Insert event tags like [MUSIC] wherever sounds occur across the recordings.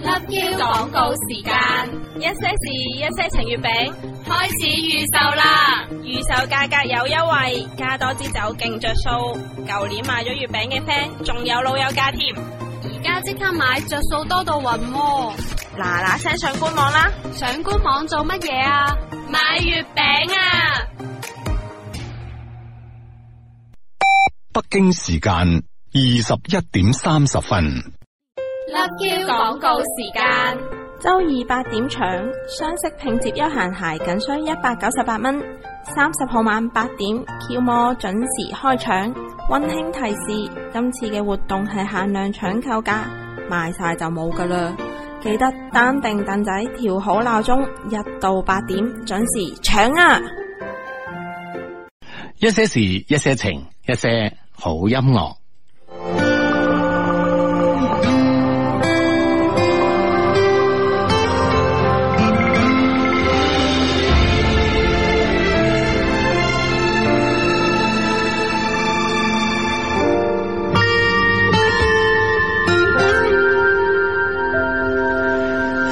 Love you，廣告時間，一些事一些情月餅開始預售啦，預售價格有優惠，加多支酒勁着數。舊年買咗月餅嘅 friend，仲有老友價添，而家即刻買着數多到暈啊。嗱嗱聲上官網啦！上官網做乜嘢啊？買月餅啊！北京時間二十一點三十分。甩膠廣告時間，周二八點搶雙色拼接休閒鞋，僅需一百九十八蚊。三十號晚八點，Q 我準時開搶。温馨提示：今次嘅活動係限量搶購價，賣晒就冇噶啦。記得單定凳仔，調好鬧鐘，一到八點準時搶啊！一些事，一些情，一些好音樂。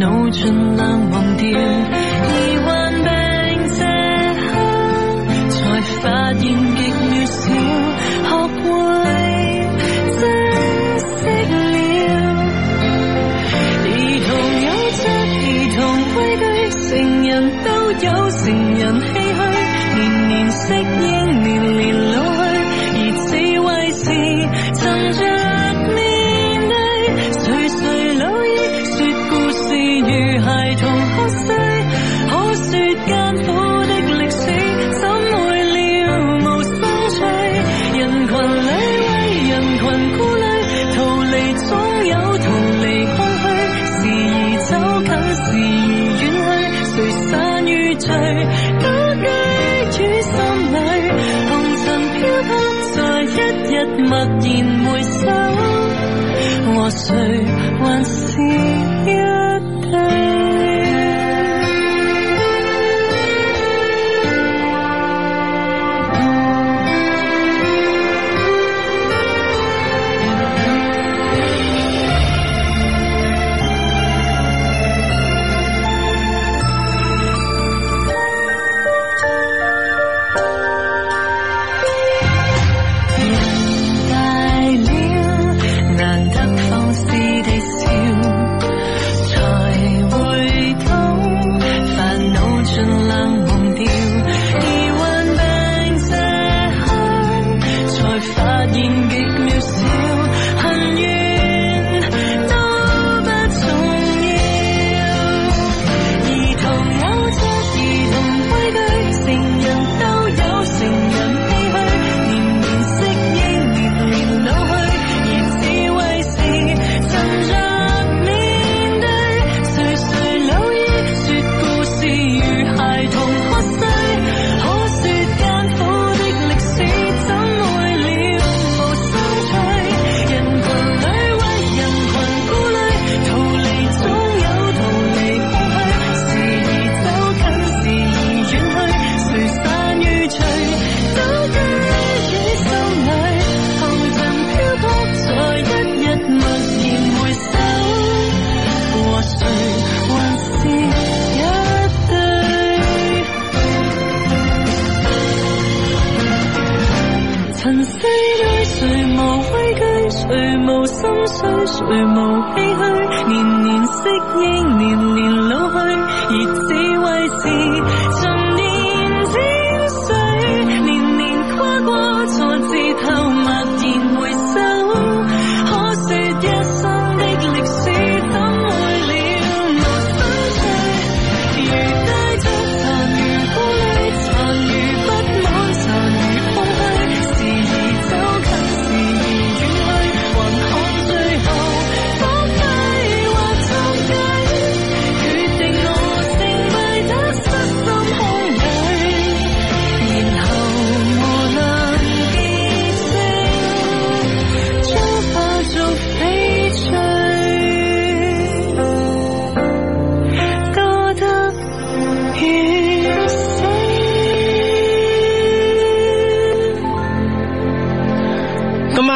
嗱，盡量忘掉。 [NOISE]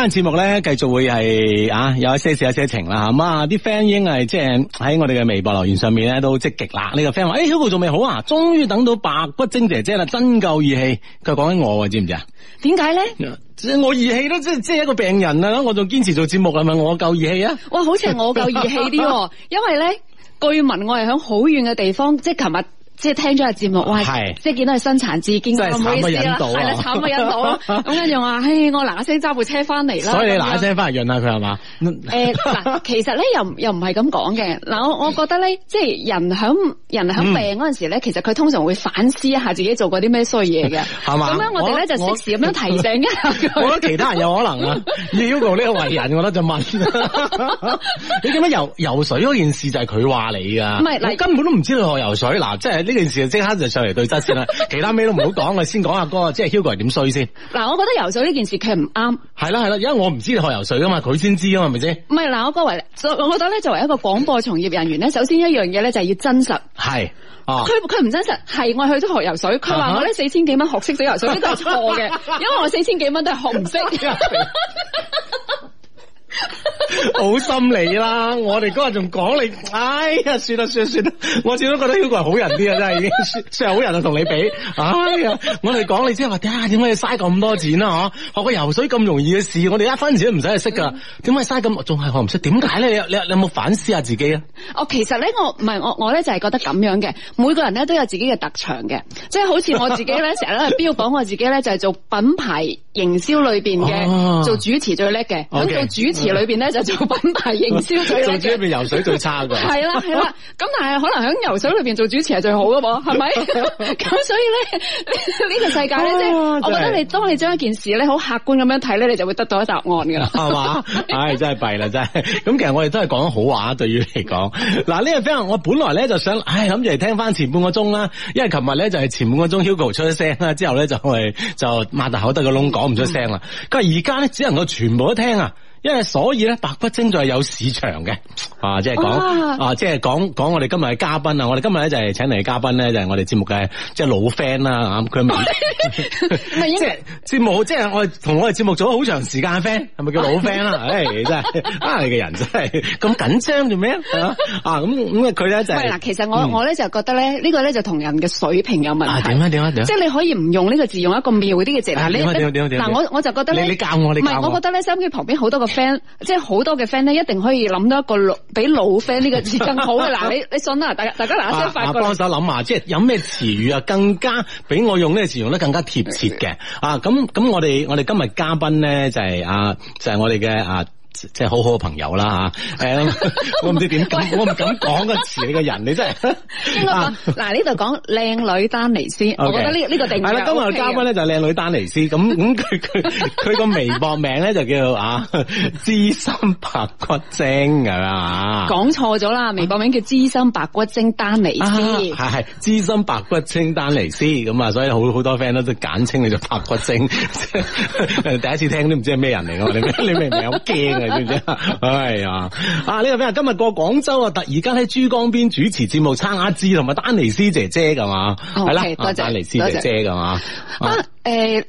段節目咧繼續會係啊，有一些事、一些情啦。咁啊，啲 fan 已經係即係喺我哋嘅微博留言上面咧都積極啦。呢、呢個 fan 話：誒、哎，小豪仲未好啊，終於等到白骨精姐姐啦，真夠義氣。佢講緊我啊，知唔知啊？點解咧？即係我義氣都即係即係一個病人啊，我仲堅持做節目係咪？係咪我夠義氣啊？哇，好似係我夠義氣啲， [LAUGHS] 因為咧據聞我係響好遠嘅地方，即係琴日。即、就、係、是、聽咗個節目，哇！即係見到佢身殘志堅，真係慘不忍睹，係啦，慘不忍睹。咁跟住話，唉， [LAUGHS] hey，我嗱一聲揸部車翻嚟啦。所以你嗱一聲翻去潤下佢係嘛？誒，嗱、欸， [LAUGHS] 其實咧又又唔係咁講嘅。嗱，我我覺得咧，即係人響人響病嗰陣時咧，其實佢通常會反思一下自己做過啲咩衰嘢嘅，係 [LAUGHS] 嘛？咁樣我哋咧就即時咁樣提醒一下。我覺得 [LAUGHS] 其他人有可能啊，呢 [LAUGHS] 個為人，我覺得就問。 [LAUGHS] [LAUGHS] 你點解游游水嗰件事就係佢話你㗎？唔係，我根本都唔知道你學游水。嗱， [LAUGHS] 即係。呢件事就即刻就上嚟對質先啦，其他咩都唔好講， [LAUGHS] 我先講下嗰個即係 Hugo 係點衰先。嗱，我覺得游水呢件事佢唔啱。係啦，係啦，因為我唔知你學游水噶嘛，佢先知啊嘛，係咪先？唔係。嗱，我作為我覺得咧，作為一個廣播從業人員咧，首先一樣嘢咧就係要真實。係，哦。佢佢唔真實，係我去咗學游水，佢話我呢四千幾蚊學識咗游水，呢個係錯嘅。的 [LAUGHS] 因為我四千幾蚊都係學唔識。 [LAUGHS] [LAUGHS] 好 [LAUGHS] 心理啦！我哋嗰日仲講你，哎呀，算啦算啦算啦！我始終覺得 Hugo 係好人啲啊，真係已經算係好人啊，同你比啊！我哋講你即係話，點解要嘥咁多錢啊？嗬，學個游水咁容易嘅事，我哋一分錢都唔使去識噶，點解嘥咁？仲係學唔識？點解咧？你你，你有冇反思下自己啊？我其實咧，我唔係我我咧就係覺得咁樣嘅，每個人咧都有自己嘅特長嘅，即係好似我自己咧，成日都係標榜我自己咧就係做品牌營銷裏邊嘅做主持最叻嘅，做主持。Okay. 裏邊咧就做品牌營銷 [LAUGHS] 做主持裏邊游水最差嘅係啦係啦，咁但係可能喺游水裏邊做主持係最好嘅喎，係咪？咁 [LAUGHS] [LAUGHS] 所以咧呢 [LAUGHS] 個世界咧，即、哎、係我覺得你、就是、當你將一件事咧好客觀咁樣睇咧，你就會得到一答案噶啦、哎，係、就、嘛、是？唉、 [LAUGHS] 哎，真係弊啦，真係。咁其實我哋都係講好話，對於你嚟講嗱呢個 f r 我本來咧就想唉諗住嚟聽翻前半個鐘啦，因為琴日咧就係前半個鐘 Hugo 出咗聲啦，之後咧就係就擘大口得個窿講唔出聲啦。佢而家咧只能夠全部都聽啊！因為所以咧，白骨精就係有市場嘅，啊，即係講，啊，即係講講我哋今日嘅嘉賓啊，就是、我哋今日咧就係請嚟嘅嘉賓咧就係、是、我哋節目嘅即係老 friend 啦，佢咪即係節目即係、就是、我同我哋節目做咗好長時間嘅 friend，係咪叫老 friend 啦、啊？唉、哎，真係 [LAUGHS] 啊，你嘅人真係咁緊張做咩啊？咁咁佢咧就嗱、是，其實我、嗯、我咧就覺得咧呢個咧就同人嘅水平有問題點點點點啊點即係你可以唔用呢個字，用一個妙啲嘅字，啊樣啊、你嗱、啊、我樣、啊、我就覺得你你教我，你唔我，我覺得咧收音機旁邊好多個。friend，即係好多嘅 friend 咧，一定可以諗到一個比老 friend 呢個字更好嘅。嗱， [LAUGHS] 你你信啦，大家大家嗱、啊，先發快嚟，幫手諗下，即係有咩詞語啊，更加俾我用呢個詞用得更加貼切嘅 [LAUGHS] 啊。咁咁，我哋、就是就是、我哋今日嘉賓咧就係啊，就係我哋嘅啊。即係好好嘅朋友啦吓、 [LAUGHS] 嗯，我唔知點講，我唔敢講個詞，你個人，你真係。嗱呢度講靚女丹尼斯。Okay. 我覺得呢呢個定係啦、嗯。今日嘉賓咧就係靚女丹尼斯。咁咁佢佢佢個微博名咧就叫做啊資深白骨精，係嘛？講錯咗啦，微博名叫資深白骨精丹尼斯啊。係係資深白骨精丹尼斯。咁啊，所以好好多 friend 都簡稱你做白骨精。 [LAUGHS] 第一次聽都唔知係咩人嚟，你你明唔明？好驚。係咪啊？哎呀！啊，呢個咩？今日過廣州啊，突然間喺珠江邊主持節目，差阿志同埋丹尼斯姐姐咁嘛？係、okay, 啦、啊，多謝丹尼斯姐姐咁嘛？啊，誒、欸。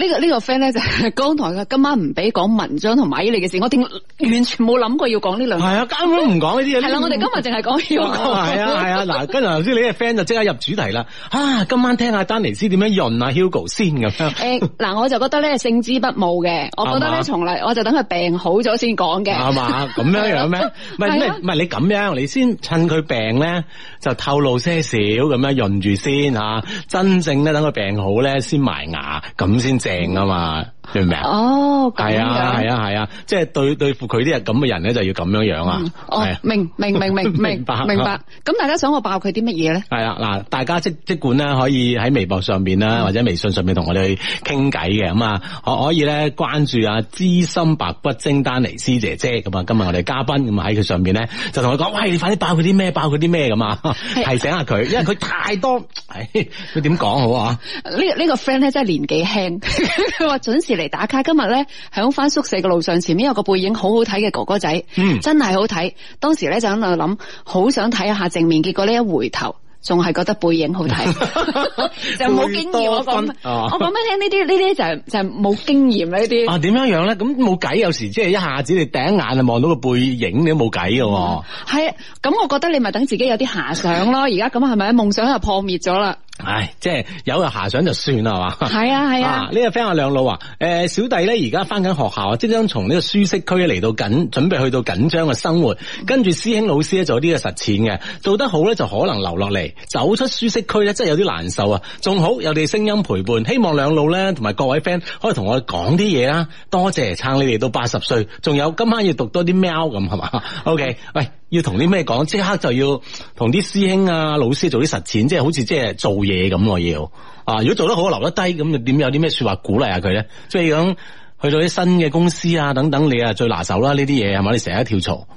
呢個呢個 friend 咧就係剛才嘅，今晚唔俾講文章同埋你嘅事，我點完全冇諗過要講呢兩。係啊，根本唔講呢啲嘢。係啦，我哋今日淨係講 Hugo。係啊係啊，嗱，跟住頭先你嘅 friend 就即刻入主題啦。啊，今晚聽下丹尼斯點樣潤阿 Hugo 先咁樣。誒，嗱，我就覺得咧，勝之不武嘅，我覺得咧，從嚟我就等佢病好咗先講嘅。係嘛，咁樣樣咩？唔係咩？唔係你咁樣，你先趁佢病咧，就透露些少咁樣潤住先嚇。真正咧，等佢病好咧，先埋牙，咁先整。定啊嘛！明唔明啊？哦，係啊，係啊，係啊，即係對對付佢啲咁嘅人咧，就要咁樣樣啊。嗯、哦，明明明明明白。明白。咁 [LAUGHS] [LAUGHS] 大家想我爆佢啲乜嘢咧？係啊，嗱，大家即即管咧可以喺微博上邊啦、嗯，或者微信上面同我哋傾偈嘅咁啊，可、嗯、可以咧關注啊知心白骨精丹尼斯姐姐咁啊，今日我哋嘉賓咁啊喺佢上邊咧就同佢講， [LAUGHS] 喂，你快啲爆佢啲咩？爆佢啲咩咁啊？提 [LAUGHS] 醒下佢，因為佢太多，佢點講好啊？呢、這、呢個 friend 咧、這個、真係年紀輕，佢 [LAUGHS] 話準時。嚟打卡今日咧，響翻宿舍嘅路上，前面有個背影好好睇嘅哥哥仔，嗯，真係好睇。當時咧就喺度諗，好想睇一下正面，結果呢一回頭，仲係覺得背影好睇， [LAUGHS] [LAUGHS] 就冇經驗我講，我講俾你聽呢啲呢啲就係就係冇經驗呢啲。啊，點、就是就是啊、樣樣咧？咁冇計，有時即係一下子你第一眼啊望到個背影，你都冇計噶。係、嗯，咁我覺得你咪等自己有啲遐想咯。而家咁係咪啊？夢想就破滅咗啦。唉，即、就、係、是、有個遐想就算啦，係嘛？係啊，係啊。呢個 friend 阿兩老啊，誒、這個呃，小弟咧而家翻緊學校，即將從呢個舒適區嚟到緊，準備去到緊張嘅生活。跟、嗯、住師兄老師咧，做啲嘅實踐嘅，做得好咧就可能留落嚟。走出舒適區咧，真係有啲難受啊！仲好有啲聲音陪伴，希望兩老咧同埋各位 friend 可以同我哋講啲嘢啦。多謝撐你哋到八十歲，仲有今晚要讀多啲喵咁係嘛？OK，喂。要同啲咩講？即刻就要同啲師兄啊、老師做啲實踐，即係好似即係做嘢咁。我要啊，如果做得好我留得低，咁又點有啲咩說話鼓勵下佢咧？即係咁去到啲新嘅公司啊等等你是是，你啊最拿手啦！呢啲嘢係咪你成日跳槽？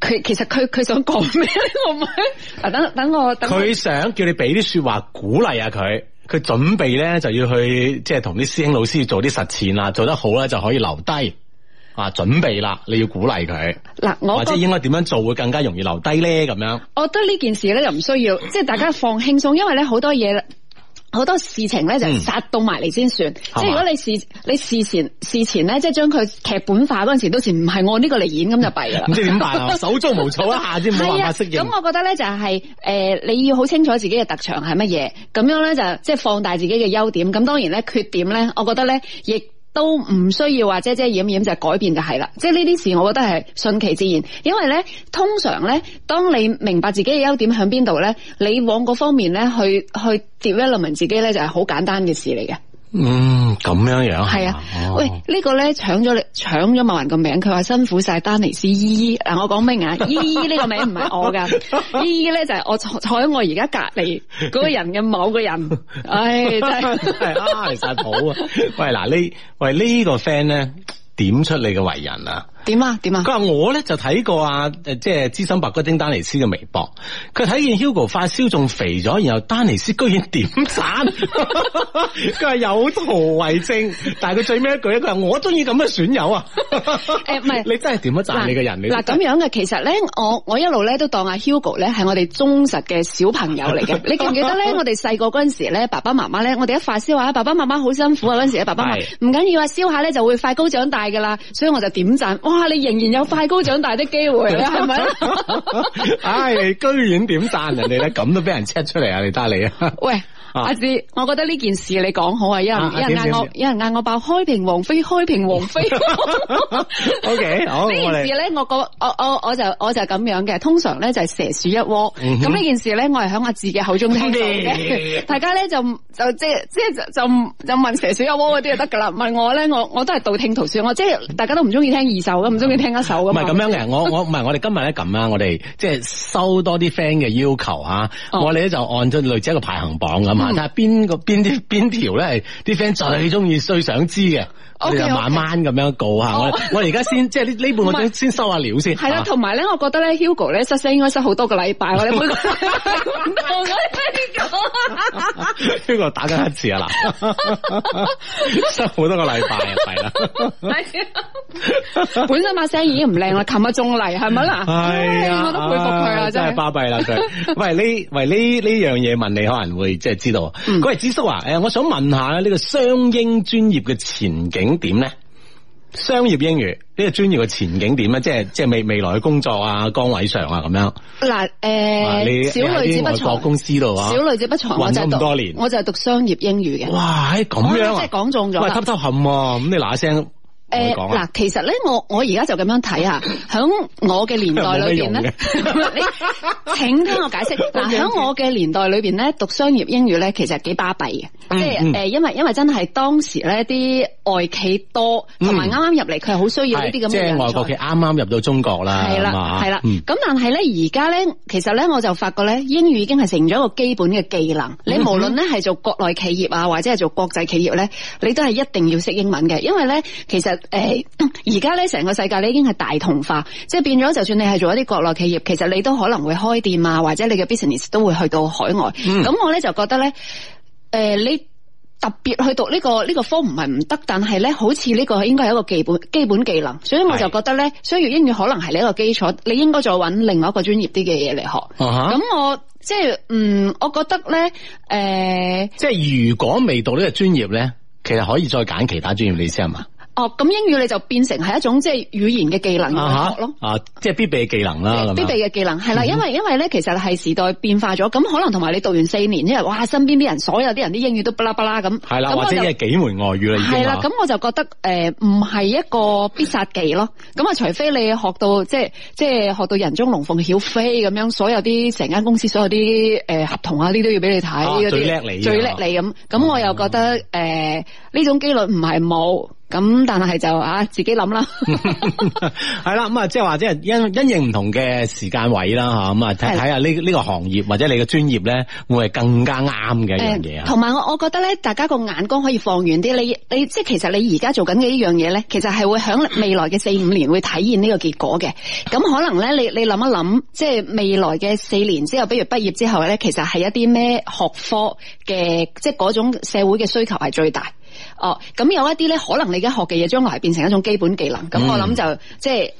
佢其實佢佢想講咩？我唔係，等等我等我。佢想叫你俾啲說話鼓勵下佢，佢準備咧就要去即係同啲師兄老師做啲實踐啦，做得好咧就可以留低。啊！準備啦，你要鼓勵佢嗱，我或者應該點樣做會更加容易留低咧？咁樣，我覺得呢件事咧又唔需要，即係 [COUGHS] 大家放輕鬆，因為咧好多嘢、好多事情咧就殺到埋嚟先算。嗯、即係如果你事你事前事前咧，即係將佢劇本化嗰陣時，都似唔係我呢個嚟演，咁就弊啦。唔 [LAUGHS] 知點 [LAUGHS] 手足無措一下先唔適應。咁、啊、我覺得咧就係、是、誒、呃，你要好清楚自己嘅特長係乜嘢，咁樣咧就即係放大自己嘅優點。咁當然咧缺點咧，我覺得咧亦。都唔需要話遮遮掩掩就係、改變就係啦，即係呢啲事我覺得係順其自然，因為咧通常咧當你明白自己嘅優點響邊度咧，你往嗰方面咧去去 development 自己咧就係好簡單嘅事嚟嘅。嗯，咁樣樣係啊！喂，這個、呢個咧搶咗你搶咗某人個名，佢話辛苦晒丹尼斯姨姨。嗱，我講咩啊？姨姨呢個名唔係我噶，姨姨咧就係、是、我坐坐喺我而家隔籬嗰個人嘅某個人。唉、哎，真係啊， [LAUGHS] [LAUGHS] [LAUGHS] [LAUGHS] [LAUGHS] 其實好啊。喂，嗱、這個、呢喂呢個 friend 咧，點出你嘅為人啊？點啊點啊！佢話、啊、我咧就睇過啊，誒，即係資深白骨精丹尼斯嘅微博，佢睇見 Hugo 發燒仲肥咗，然後丹尼斯居然點讚？佢 [LAUGHS] 話 [LAUGHS] [LAUGHS] 有圖為證，但係佢最尾一句咧，佢話我中意咁嘅損友啊！誒、 [LAUGHS] 呃，唔係你真係點樣讚、啊、你嘅人？你嗱咁樣嘅，其實咧，我我一路咧都當阿 Hugo 咧係我哋忠實嘅小朋友嚟嘅。 [LAUGHS] 你記唔記得咧？我哋細個嗰陣時咧，爸爸媽媽咧，我哋一發燒啊，爸爸媽媽好辛苦啊。嗰陣時呢爸爸媽媽唔緊要啊，燒下咧就會快高長大噶啦，所以我就點讚。哇！你仍然有快高長大的機會，係 [LAUGHS] 咪不是？唉、 [LAUGHS] 哎，居然點讚人哋咧？咁都俾人 check 出嚟啊！你得你啊？喂！阿、啊、志、啊，我覺得呢件事你講好啊！有人有人嗌我、啊，有人嗌我爆開平王妃，開平王妃。O K，呢件事咧，我我我我就我就咁樣嘅。通常咧就係蛇鼠一窩。咁、嗯、呢件事咧，我係響阿志嘅口中聽到嘅、嗯。大家咧就就即係即係就就，就，就，就，就問蛇鼠一窩嗰啲就得噶啦。問我咧，我我都係道聽途說。我即係、就是、大家都唔中意聽二手，唔中意聽一手。唔係咁樣嘅，我我唔係我哋今日咧咁啊！我哋即係收多啲 friend 嘅要求啊、嗯！我哋咧就按照類似一個排行榜咁。睇下邊個邊啲邊條咧，係啲 friend 最中意，最想知嘅，okay, okay. 我哋慢慢咁樣告一下、oh. 我。我而家先即係呢呢半個鐘先收下料先。係啦，同埋咧，我覺得咧，Hugo 咧失聲應該失好多個禮拜。 [LAUGHS] 我哋每個。 [LAUGHS] [LAUGHS] 呢 [LAUGHS] 次 [LAUGHS] 個打緊一次啊，嗱，收好多個禮拜係啦，本身把聲已經唔靚啦，琴日仲嚟係咪啦？係啊，我都佩服佢啦，真係巴閉啦佢。喂，呢喂呢呢樣嘢問你可能會即係知道。嗯， [LAUGHS] 喂，子叔啊，誒，我想問下呢個雙英專業嘅前景點咧？商業英語呢、這個專業嘅前景點啊？即係即係未未來嘅工作啊、崗位上啊咁樣。嗱、啊，誒、呃，少去啲外國公司度啊，小女子不才。混咗咁多年，我就係讀商業英語嘅。哇，咁樣即係講中咗。喂，偷偷冚啊，咁你嗱聲。聲、呃。誒，嗱、呃，其實咧，我我而家就咁樣睇下。響我嘅年代裏邊咧， [LAUGHS] [LAUGHS] 請聽我解釋。嗱，響我嘅年代裏邊咧，讀商業英語咧，其實係幾巴閉嘅，即係誒，因為因為真係當時咧啲。外企多，同埋啱啱入嚟佢係好需要呢啲咁嘅人才。即係外國企啱啱入到中國啦，係啦，係啦。咁、嗯、但係咧，而家咧，其實咧，我就發覺咧，英語已經係成咗一個基本嘅技能。你無論咧係做國內企業啊，或者係做國際企業咧，你都係一定要識英文嘅。因為咧，其實誒，而家咧成個世界咧已經係大同化，即係變咗，就算你係做一啲國內企業，其實你都可能會開店啊，或者你嘅 business 都會去到海外。咁、嗯、我咧就覺得咧，誒、呃，你。特別去讀呢、這個呢、這個科唔係唔得，但係咧好似呢個應該係一個基本基本技能，所以我就覺得咧，商業英語可能係呢一個基礎，你應該再搵另外一個專業啲嘅嘢嚟學。咁、uh -huh? 我即係嗯，我覺得咧誒、呃，即係如果未讀呢個專業咧，其實可以再揀其他專業你思係嘛。哦，咁英語你就變成係一種即係語言嘅技能、啊、學咯，啊，即係必備嘅技能啦，必備嘅技能係啦，因為、嗯、因為咧其實係時代變化咗，咁可能同埋你讀完四年，因、就、為、是、哇，身邊啲人所有啲人啲英語都巴拉巴拉咁，係啦、嗯，或者係幾門外語啦，係啦，咁、嗯、我就覺得誒唔係一個必殺技咯，咁啊，除非你學到即係即係學到人中龍鳳曉飛咁樣，所有啲成間公司所有啲誒、呃、合同啊呢都要俾你睇，最叻你最叻你咁，咁、啊、我又覺得誒呢、嗯呃、種機率唔係冇。咁但係就啊，自己諗啦 [LAUGHS] 係啦，咁啊，即係話，即係因因應唔同嘅時間位啦，吓咁啊，睇睇下呢呢個行業或者你嘅專業咧，會係更加啱嘅一樣嘢啊。同埋我我覺得咧，大家個眼光可以放遠啲。你你即係其實你而家做緊嘅呢樣嘢咧，其實係會響未來嘅四五年會體現呢個結果嘅。咁可能咧，你你諗一諗，即係未來嘅四年之後，比如畢業之後咧，其實係一啲咩學科嘅，即係嗰種社會嘅需求係最大。哦，咁有一啲咧，可能你而家學嘅嘢，將來係變成一種基本技能。咁、嗯、我諗就即係。就是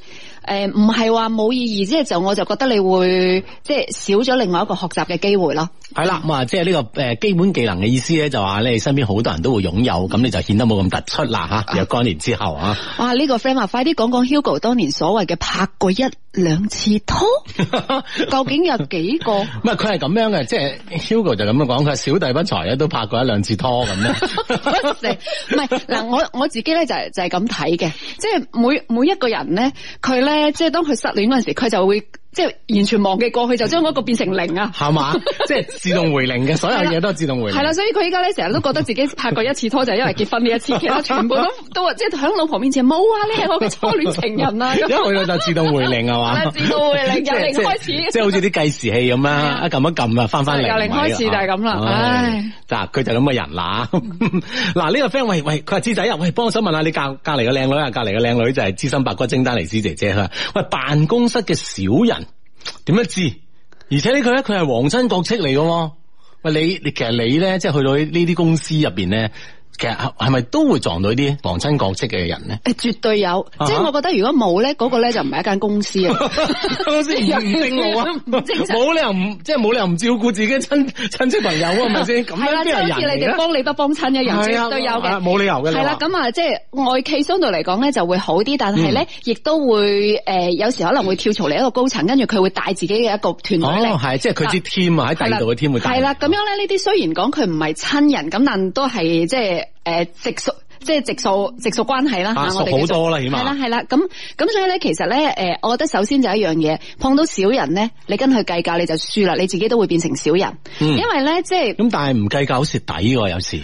誒、呃，唔係話冇意義，即係就我就覺得你會即係少咗另外一個學習嘅機會咯。係啦，咁、嗯、啊，即係呢個誒基本技能嘅意思咧，就話咧你身邊好多人都會擁有，咁、嗯、你就顯得冇咁突出啦吓。若、啊、干年之後啊，哇，呢、這個 friend 啊快啲講講 Hugo 當年所謂嘅拍過一兩次拖， [LAUGHS] 究竟有幾個？唔係佢係咁樣嘅，即係 Hugo 就咁樣講，佢係小弟不才啊，都拍過一兩次拖咁樣。唔係嗱，我我自己咧就係、是、就係咁睇嘅，即係每每一個人咧，佢咧。即係當佢失戀嗰陣時，佢就會。即、就、係、是、完全忘記過去就將嗰個變成零啊，係嘛？即係自動回零嘅，所有嘢都係自動回零。係 [LAUGHS] 啦，所以佢依家咧成日都覺得自己拍過一次拖就係因為結婚嘅 [LAUGHS] 一次，其他全部都都 [LAUGHS] 即係響老婆面前冇 [LAUGHS] 啊你係，我嘅初戀情人啊，咁樣佢就自動回零係嘛？ [LAUGHS] 自動回零，由零開始，即係好似啲計時器咁啊，一撳一撳啊，翻翻嚟，由零開始就係咁啦，唉，嗱，佢就咁嘅人 [LAUGHS] 啦。嗱、這、呢個 friend 喂喂，佢話芝仔啊，喂，幫我手問下你隔隔籬個靚女啊，隔籬個靚女就係資深白骨精丹尼斯姐，姐姐，佢喂辦公室嘅小人。點樣知？而且呢，佢咧，佢係皇親國戚嚟噶喎。喂，你你其實你咧，即係去到呢啲公司入邊咧。其實係咪都會撞到啲皇親國戚嘅人咧？絕絕對有，啊、即係我覺得如果冇咧，嗰、那個咧就唔係一間公司啊，冇 [LAUGHS] [LAUGHS] [LAUGHS] 精神 [LAUGHS] 精神 [LAUGHS] 理由唔即係冇理由唔照顧自己親親戚朋友啊，係咪先？係啦，所以你哋幫你幫 [LAUGHS] 不幫親嘅人，都有嘅，冇、啊、理由嘅。係啦，咁啊、嗯，即係外企相對嚟講咧就會好啲，但係咧亦都會誒、呃，有時可能會跳槽嚟一個高層，跟住佢會帶自己嘅一個團隊係、哦，即係佢啲 team 啊，喺第二度嘅 team 會帶係啦，咁樣咧，呢啲雖然講佢唔係親人咁，但都係即係。誒、呃，直屬即係直屬直屬關係啦、啊，我哋好多啦，起碼係啦係啦，咁咁所以咧，其實咧，誒，我覺得首先就係一樣嘢，碰到小人咧，你跟佢計較，你就輸啦，你自己都會變成小人，嗯、因為咧，即係咁，但係唔計較好蝕底、啊、噶，有時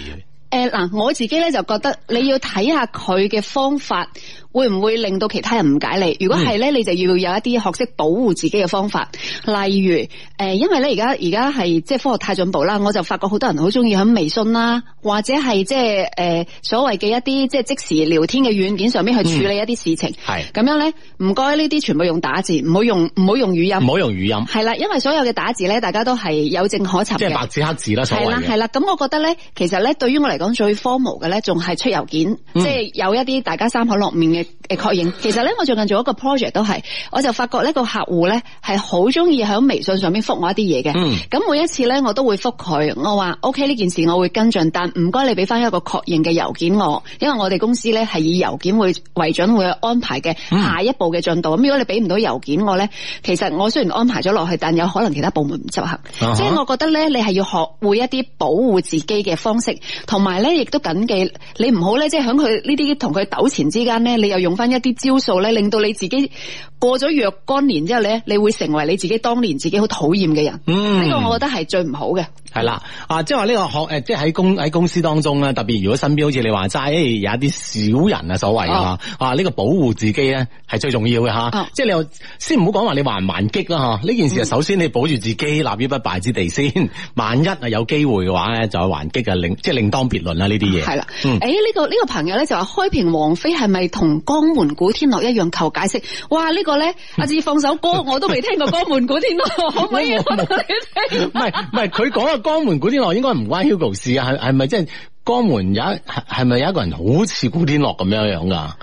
誒，嗱、呃，我自己咧就覺得，你要睇下佢嘅方法。會唔會令到其他人誤解你？如果係咧，你就要有一啲學識保護自己嘅方法，例如誒，因為咧而家而家係即係科學太進步啦，我就發覺好多人好中意喺微信啦，或者係即係誒所謂嘅一啲即係即時聊天嘅軟件上面去處理一啲事情。係、嗯、咁樣咧，唔該呢啲全部用打字，唔好用唔好用語音，唔好用語音。係啦，因為所有嘅打字咧，大家都係有證可尋，即係白紙黑字啦，所謂嘅，係啦，咁我覺得咧，其實咧，對於我嚟講最 formal 嘅咧，仲係出郵件，即、嗯、係、就是、有一啲大家三口六面嘅。誒確認，其實咧我最近做一個 project 都係，我就發覺呢個客戶咧係好中意喺微信上面覆我一啲嘢嘅，咁、嗯、每一次咧我都會覆佢，我話 OK 呢件事我會跟進，但唔該你俾翻一個確認嘅郵件我，因為我哋公司咧係以郵件會為準會安排嘅下一步嘅進度，咁、嗯、如果你俾唔到郵件我咧，其實我雖然安排咗落去，但有可能其他部門唔執行、啊，所以我覺得咧你係要學會一啲保護自己嘅方式，同埋咧亦都謹記你唔好咧即係喺佢呢啲同佢糾纏之間咧又用翻一啲招數咧，令到你自己過咗若干年之後咧，你會成為你自己當年自己好討厭嘅人。呢、嗯這個我覺得係最唔好嘅。係啦，啊，即係話呢個學誒，即係喺公喺公司當中咧，特別如果身邊好似你話齋，有一啲小人所、哦、啊，所謂啊，啊呢個保護自己咧係最重要嘅吓。即、哦、係、啊就是、你又先唔好講話你還唔還擊啦吓。呢、啊、件事首先你保住自己、嗯、立於不敗之地先，萬一啊有機會嘅話咧，就還擊啊，即係另當別論啦呢啲嘢。係啦，誒呢、嗯哎這個呢、這個朋友咧就話開平王妃係咪同？江門古天樂一樣，求解釋，哇！這個、呢個咧，阿志放首歌，我都未聽過江門古天樂， [LAUGHS] 可唔可以我嚟聽？唔係唔係，佢講嘅江門古天樂應該唔關 Hugo 事啊，係係咪即係江門有一係咪有一個人好似古天樂咁樣、哦、樣噶？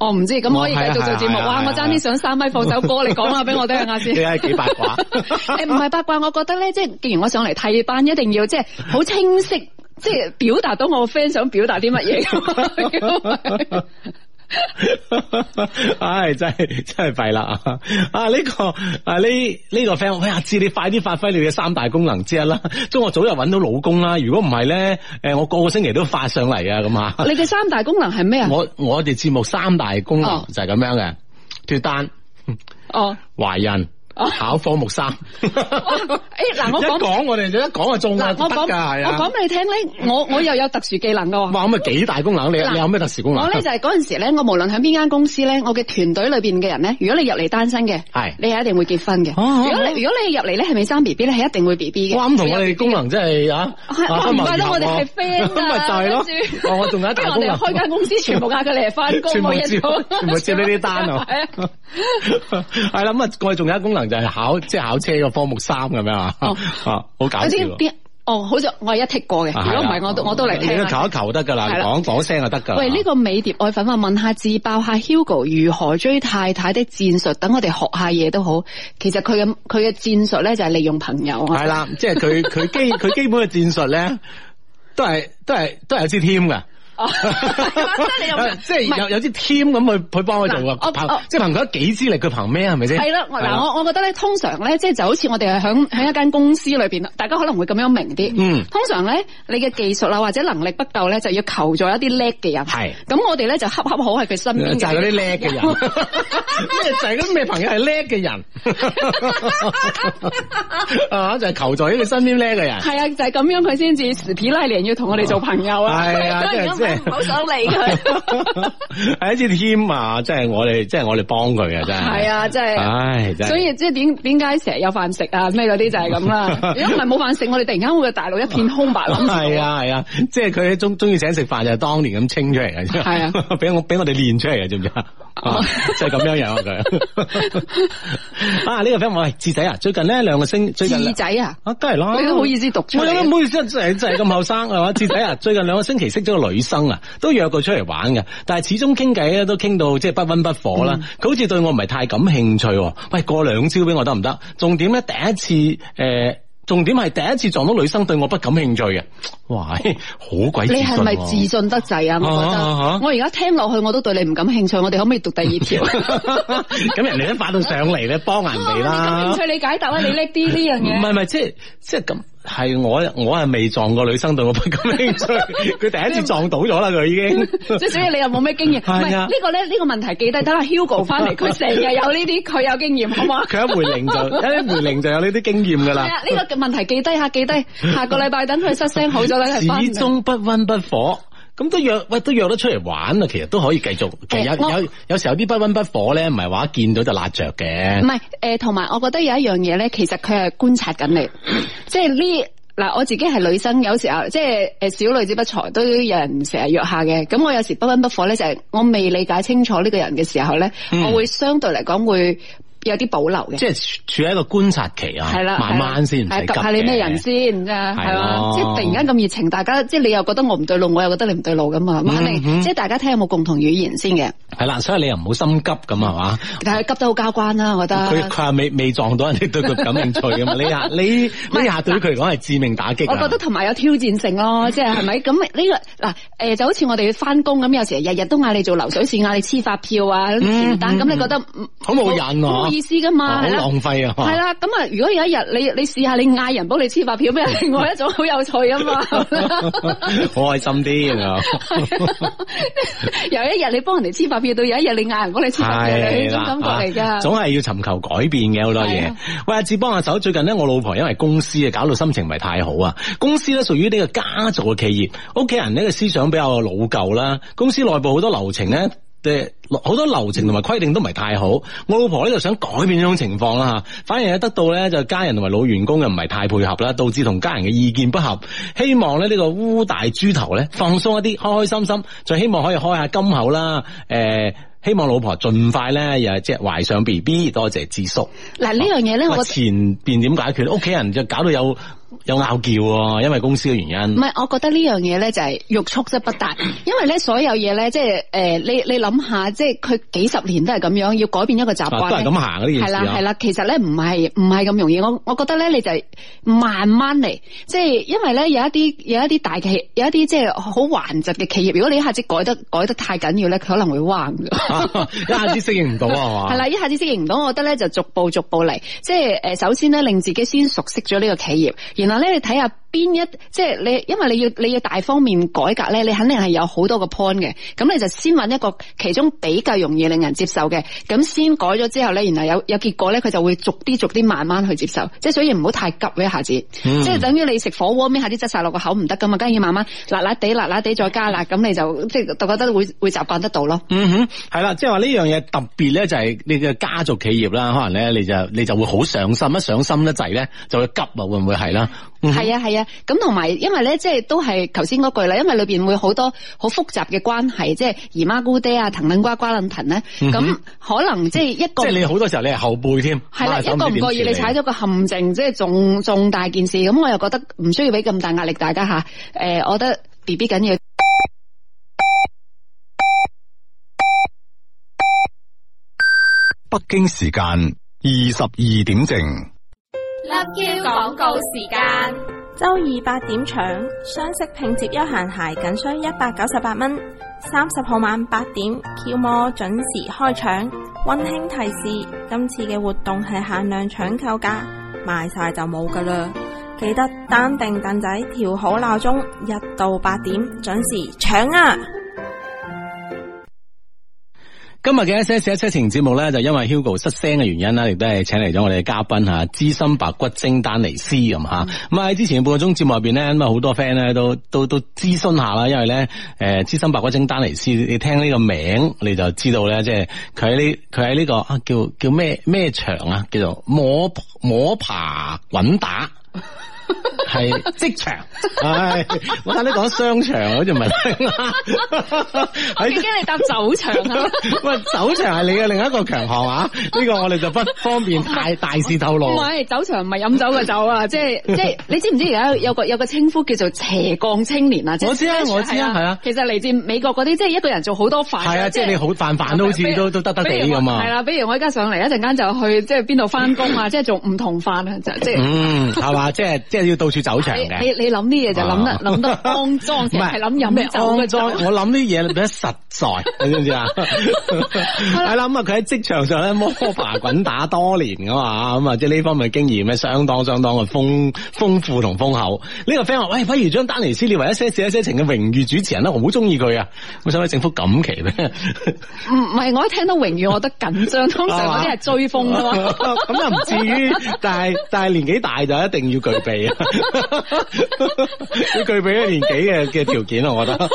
我唔知，咁可以繼續做節目。哇！我爭啲想三米放首歌嚟講下俾我聽下先。志，幾八卦？誒，唔係八卦，我覺得咧，即係既然我上嚟替班，一定要即係好清晰， [LAUGHS] 即係表達到我 friend 想表達啲乜嘢。 [LAUGHS] [LAUGHS] 唉、 [LAUGHS] 哎，真係真係弊啦啊！這個、啊呢、這個啊呢呢個 friend，我下次你快啲發揮你嘅三大功能之一啦。祝我早日揾到老公啦。如果唔係咧，誒我個個星期都發上嚟啊，咁啊。你嘅三大功能係咩啊？我我哋節目三大功能就係咁樣嘅脫單哦懷、哦、孕。考科目三 [LAUGHS] 誒嗱，我講我哋，一講就中，我講俾你聽咧，我我,我又有特殊技能噶喎。哇，咁咪幾大功能？你你有咩特殊功能？我咧就係嗰陣時咧，我無論喺邊間公司咧，我嘅團隊裏邊嘅人咧，如果你入嚟單身嘅，係你係一定會結婚嘅、哦。如果你、哦、如果你入嚟咧，係咪生 B B 咧，係一定會 B B 嘅。哇，咁同我哋功能真係啊，怪得我哋係 friend 咁咪就係咯。我仲、啊 [LAUGHS] 就是 [LAUGHS] 然後 [LAUGHS] 哦、有一大功能，我哋開間公司 [LAUGHS] 全部嗌佢嚟翻，工，全部接，呢啲單係啦，咁 [LAUGHS] 啊，我哋仲有一功能。 [LAUGHS] 嗯嗯嗯嗯就係考即係考車個科目三咁樣啊，好、哦嗯、搞笑。啲哦，好似我係一踢過嘅，如果唔係我都、啊、我都嚟睇。都你求一求得噶啦，講講聲就得噶。喂，呢、這個美蝶愛粉話問，問一下自爆下 Hugo 如何追太太的戰術，等我哋學一下嘢都好。其實佢嘅佢嘅戰術咧就係利用朋友。係、啊、啦，即係佢佢基佢基本嘅戰術咧， [LAUGHS] 都係都係都係有支添噶。 [LAUGHS] 你即係有有啲 team 咁去去幫佢做啊，即係憑佢一己之力，佢憑咩係咪先？係咯，嗱，我我覺得咧，通常咧，即係就好似我哋係響響一間公司裏邊，大家可能會咁樣明啲。嗯，通常咧，你嘅技術啊或者能力不夠咧，就要求助一啲叻嘅人。係，咁我哋咧就恰恰好喺佢身邊嘅，就係嗰啲叻嘅人。就係嗰啲咩朋友係叻嘅人？就係求助喺佢身邊叻嘅人。係啊，就係咁樣，佢先至皮拉尼要同我哋做朋友啊。係。哎好想理佢。喺支添啊，即、就、係、是、我哋，即、就、係、是、我哋幫佢啊，真係。係啊，真係。唉，所以即係點點解成日有飯食啊？咩嗰啲就係咁啦。 [LAUGHS] 如果唔係冇飯食，我哋突然間會個大腦一片空白。諗係啊，係 [LAUGHS] 啊,啊,啊，即係佢中中意請食飯就係、是、當年咁清出嚟嘅係啊，俾 [LAUGHS] 我俾我哋練出嚟嘅，知唔知 [LAUGHS] [LAUGHS] 就樣啊？就係咁樣樣佢。啊，呢個 friend 我係智仔啊，最近呢兩個星最仔啊，梗係啦，你都好意思讀出，我、哎、唔好意思？真係真係咁後生係嘛？智 [LAUGHS] 仔啊，最近兩個星期識咗個女生。都約佢出嚟玩嘅，但係始終傾偈咧都傾到即係不溫不火啦。佢、嗯、好似對我唔係太感興趣。喂，過兩招俾我得唔得？重點咧，第一次誒，重點係第一次撞到女生對我不感興趣嘅。哇，好鬼自信你係咪自信得制啊，啊，啊，啊？我覺得我而家聽落去我都對你唔感興趣。我哋可唔可以讀第二條？咁 [LAUGHS] [LAUGHS] 人哋都發到上嚟咧，幫人哋啦。啊、你興趣你解答啦，你叻啲呢樣嘢。唔係唔係，即係即係咁。係我我係未撞過女生對我不咁興趣，佢第一次撞到咗啦佢已經。即 [LAUGHS] 所以你又冇咩經驗？係啊，這個，呢個咧呢個問題記低。等阿 Hugo 翻嚟，佢成日有呢啲，佢有經驗，好唔好？佢一回零就一回零就有呢啲經驗噶啦。係啊，呢，這個問題記低下、啊、記低。下個禮拜等佢失聲好咗啦， [LAUGHS] 始終不温不火。咁都約，喂，都約得出嚟玩啊！其實都可以繼續、欸，有有有時候有啲不温不火咧，唔係話見到就辣著嘅。唔、呃、係，誒，同埋我覺得有一樣嘢咧，其實佢係觀察緊你，即係呢嗱，我自己係女生，有時候即係誒小女子不才都有人成日約下嘅。咁我有時不温不火咧，就係、是、我未理解清楚呢個人嘅時候咧，嗯、我會相對嚟講會。有啲保留嘅，即係處喺一個觀察期啊，係啦，慢慢先，睇下你咩人先係即係突然間咁熱情，大家即係你又覺得我唔對路，我又覺得你唔對路咁啊！即係大家睇有冇共同語言先嘅。係啦，所以你又唔好心急咁啊嘛。但係急得好交關啦，我覺得。佢佢係未未撞到人哋對佢感興趣啊嘛？呢 [LAUGHS] 下你呢下對佢嚟講係致命打擊啊。我覺得同埋有,有挑戰性啊 [LAUGHS] 就係係係呢個、咯，即係係咪咁呢個嗱？誒，就好似我哋翻工咁，有時日日都嗌你做流水線，嗌你黐發票啊、填單，咁你覺得好冇癮啊？意思噶嘛？好、哦、浪費啊！係啦，咁啊，如果有一日你你試下你嗌人幫你黐發票，咩？另外一種好有趣啊嘛！好開心啲，有一日你幫人哋黐發票，到有一日你嗌人幫你黐發票，呢種感覺嚟噶。總係要尋求改變嘅好多嘢。喂，阿志幫阿手。最近呢，我老婆因為公司啊，搞到心情唔係太好啊。公司咧屬於呢個家族嘅企業，屋企人呢個思想比較老舊啦。公司內部好多流程咧。即係好多流程同埋規定都唔係太好，我老婆呢就想改變呢種情況啦吓，反而咧得到咧就家人同埋老員工又唔係太配合啦，導致同家人嘅意見不合。希望咧呢個烏大豬頭咧放鬆一啲，開開心心，就希望可以開下金口啦。誒，希望老婆盡快咧又即係懷上 BB。多謝智叔。嗱呢樣嘢咧，我前邊點解決？屋企人就搞到有。有拗撬喎，因為公司嘅原因。唔係，我覺得呢樣嘢咧就係欲速則不達，因為咧所有嘢咧即係誒，你你諗下，即係佢幾十年都係咁樣，要改變一個習慣，都係咁行啲嘢。係啦係啦，其實咧唔係唔係咁容易。我我覺得咧你就係慢慢嚟，即係因為咧有一啲有一啲大企有一啲即係好頑疾嘅企業。如果你一下子改得改得太緊要咧，佢可能會彎。 [LAUGHS] 一下子適應唔到啊嘛。係啦，一下子適應唔到，我覺得咧就逐步逐步嚟，即係誒，首先咧令自己先熟悉咗呢個企業。然後咧，你睇下邊一即係你，因為你要你要大方面改革咧，你肯定係有好多個 point 嘅。咁你就先揾一個其中比較容易令人接受嘅，咁先改咗之後咧，然後有有結果咧，佢就會逐啲逐啲慢慢去接受。即係所以唔好太急一下子，嗯、即係等於你食火鍋咩，下啲質晒落個口唔得噶嘛，梗係要慢慢辣辣地辣辣地再加辣，咁你就即係就覺得會會習慣得到咯。嗯哼，係啦，即係話呢樣嘢特別咧、就是，就係你嘅家族企業啦，可能咧你就你就會好上心，一上心得滯咧就會急啊，會唔會係啦？係、嗯、啊，係啊，咁同埋，因為咧，即係都係頭先嗰句啦，因為裏邊會好多好複雜嘅關係，即係姨媽姑爹啊，藤捻瓜瓜捻藤咧，咁、嗯、可能即係一個，即係你好多時候你係後輩添，係啦、啊，一個唔覺意你踩咗個陷阱，即係重重大件事，咁我又覺得唔需要俾咁大壓力大家吓，誒、呃，我覺得 B B 緊要。北京時間二十二點正。LoveQ 廣告時間，週二八點搶雙色拼接休閒鞋，僅需一百九十八蚊。三十號晚八點，Q 魔準時開搶。溫馨提示：今次嘅活動係限量搶購價，賣晒就冇噶啦。記得單定凳仔，調好鬧鐘，一到八點準時搶啊！今日嘅一些事一些情節目咧，就是、因為 Hugo 失聲嘅原因啦，亦都係請嚟咗我哋嘅嘉賓吓，資深白骨精丹尼斯咁吓。咁、嗯、喺之前半個鐘節目入邊咧，咁啊好多 friend 咧都都都，都諮詢下啦，因為咧誒、呃，資深白骨精丹尼斯，你聽呢個名你就知道咧，即係佢喺呢佢喺呢個啊叫叫咩咩場啊，叫做摸摸爬滾打。 [LAUGHS] 係職場，係我睇你講商場好似唔係聽啊！驚 [LAUGHS] 你搭酒場啊！ [LAUGHS] 喂，酒場係你嘅另一個強項啊！呢、這個我哋就不方便太 [LAUGHS] 大肆透露。唔係酒場唔係飲酒嘅酒啊，即係即係你知唔知而家有個有個稱呼叫做斜槓青年啊、就是？我知啊，我知啊，係啊，啊。其實嚟自美國嗰啲，即、就、係、是、一個人做好多飯。係啊，即、就、係、是就是、你飯飯好飯飯都好似都都得得地咁啊。係啦，比如我而家、啊、上嚟一陣間就去即係邊度返工啊，即、就、係、是、 [LAUGHS] 做唔同飯啊，即、就、係、是。嗯，係、就、嘛、是，即係即係要到處。場嘅，你你諗啲嘢就諗啦，諗得裝裝嘅，唔係諗飲咩裝嘅裝。我諗啲嘢比較實在，你知唔知啊？係 [LAUGHS] 啦，咁、嗯、啊，佢喺職場上咧摸爬滾打多年噶嘛，咁、嗯、啊，即係呢方面經驗咧相當相當嘅豐豐富同豐厚。呢、這個 friend 喂，哎，不如將丹尼斯列為一些事一些情嘅榮譽主持人啦，我好中意佢啊，我想為政府錦旗咧。唔 [LAUGHS] 係，我一聽到榮譽，我覺得緊張，通常嗰啲係追風嘅話，咁又唔至於，但係但係年紀大就一定要具備啊。要具備一年幾嘅嘅條件咯，我覺得 [LAUGHS]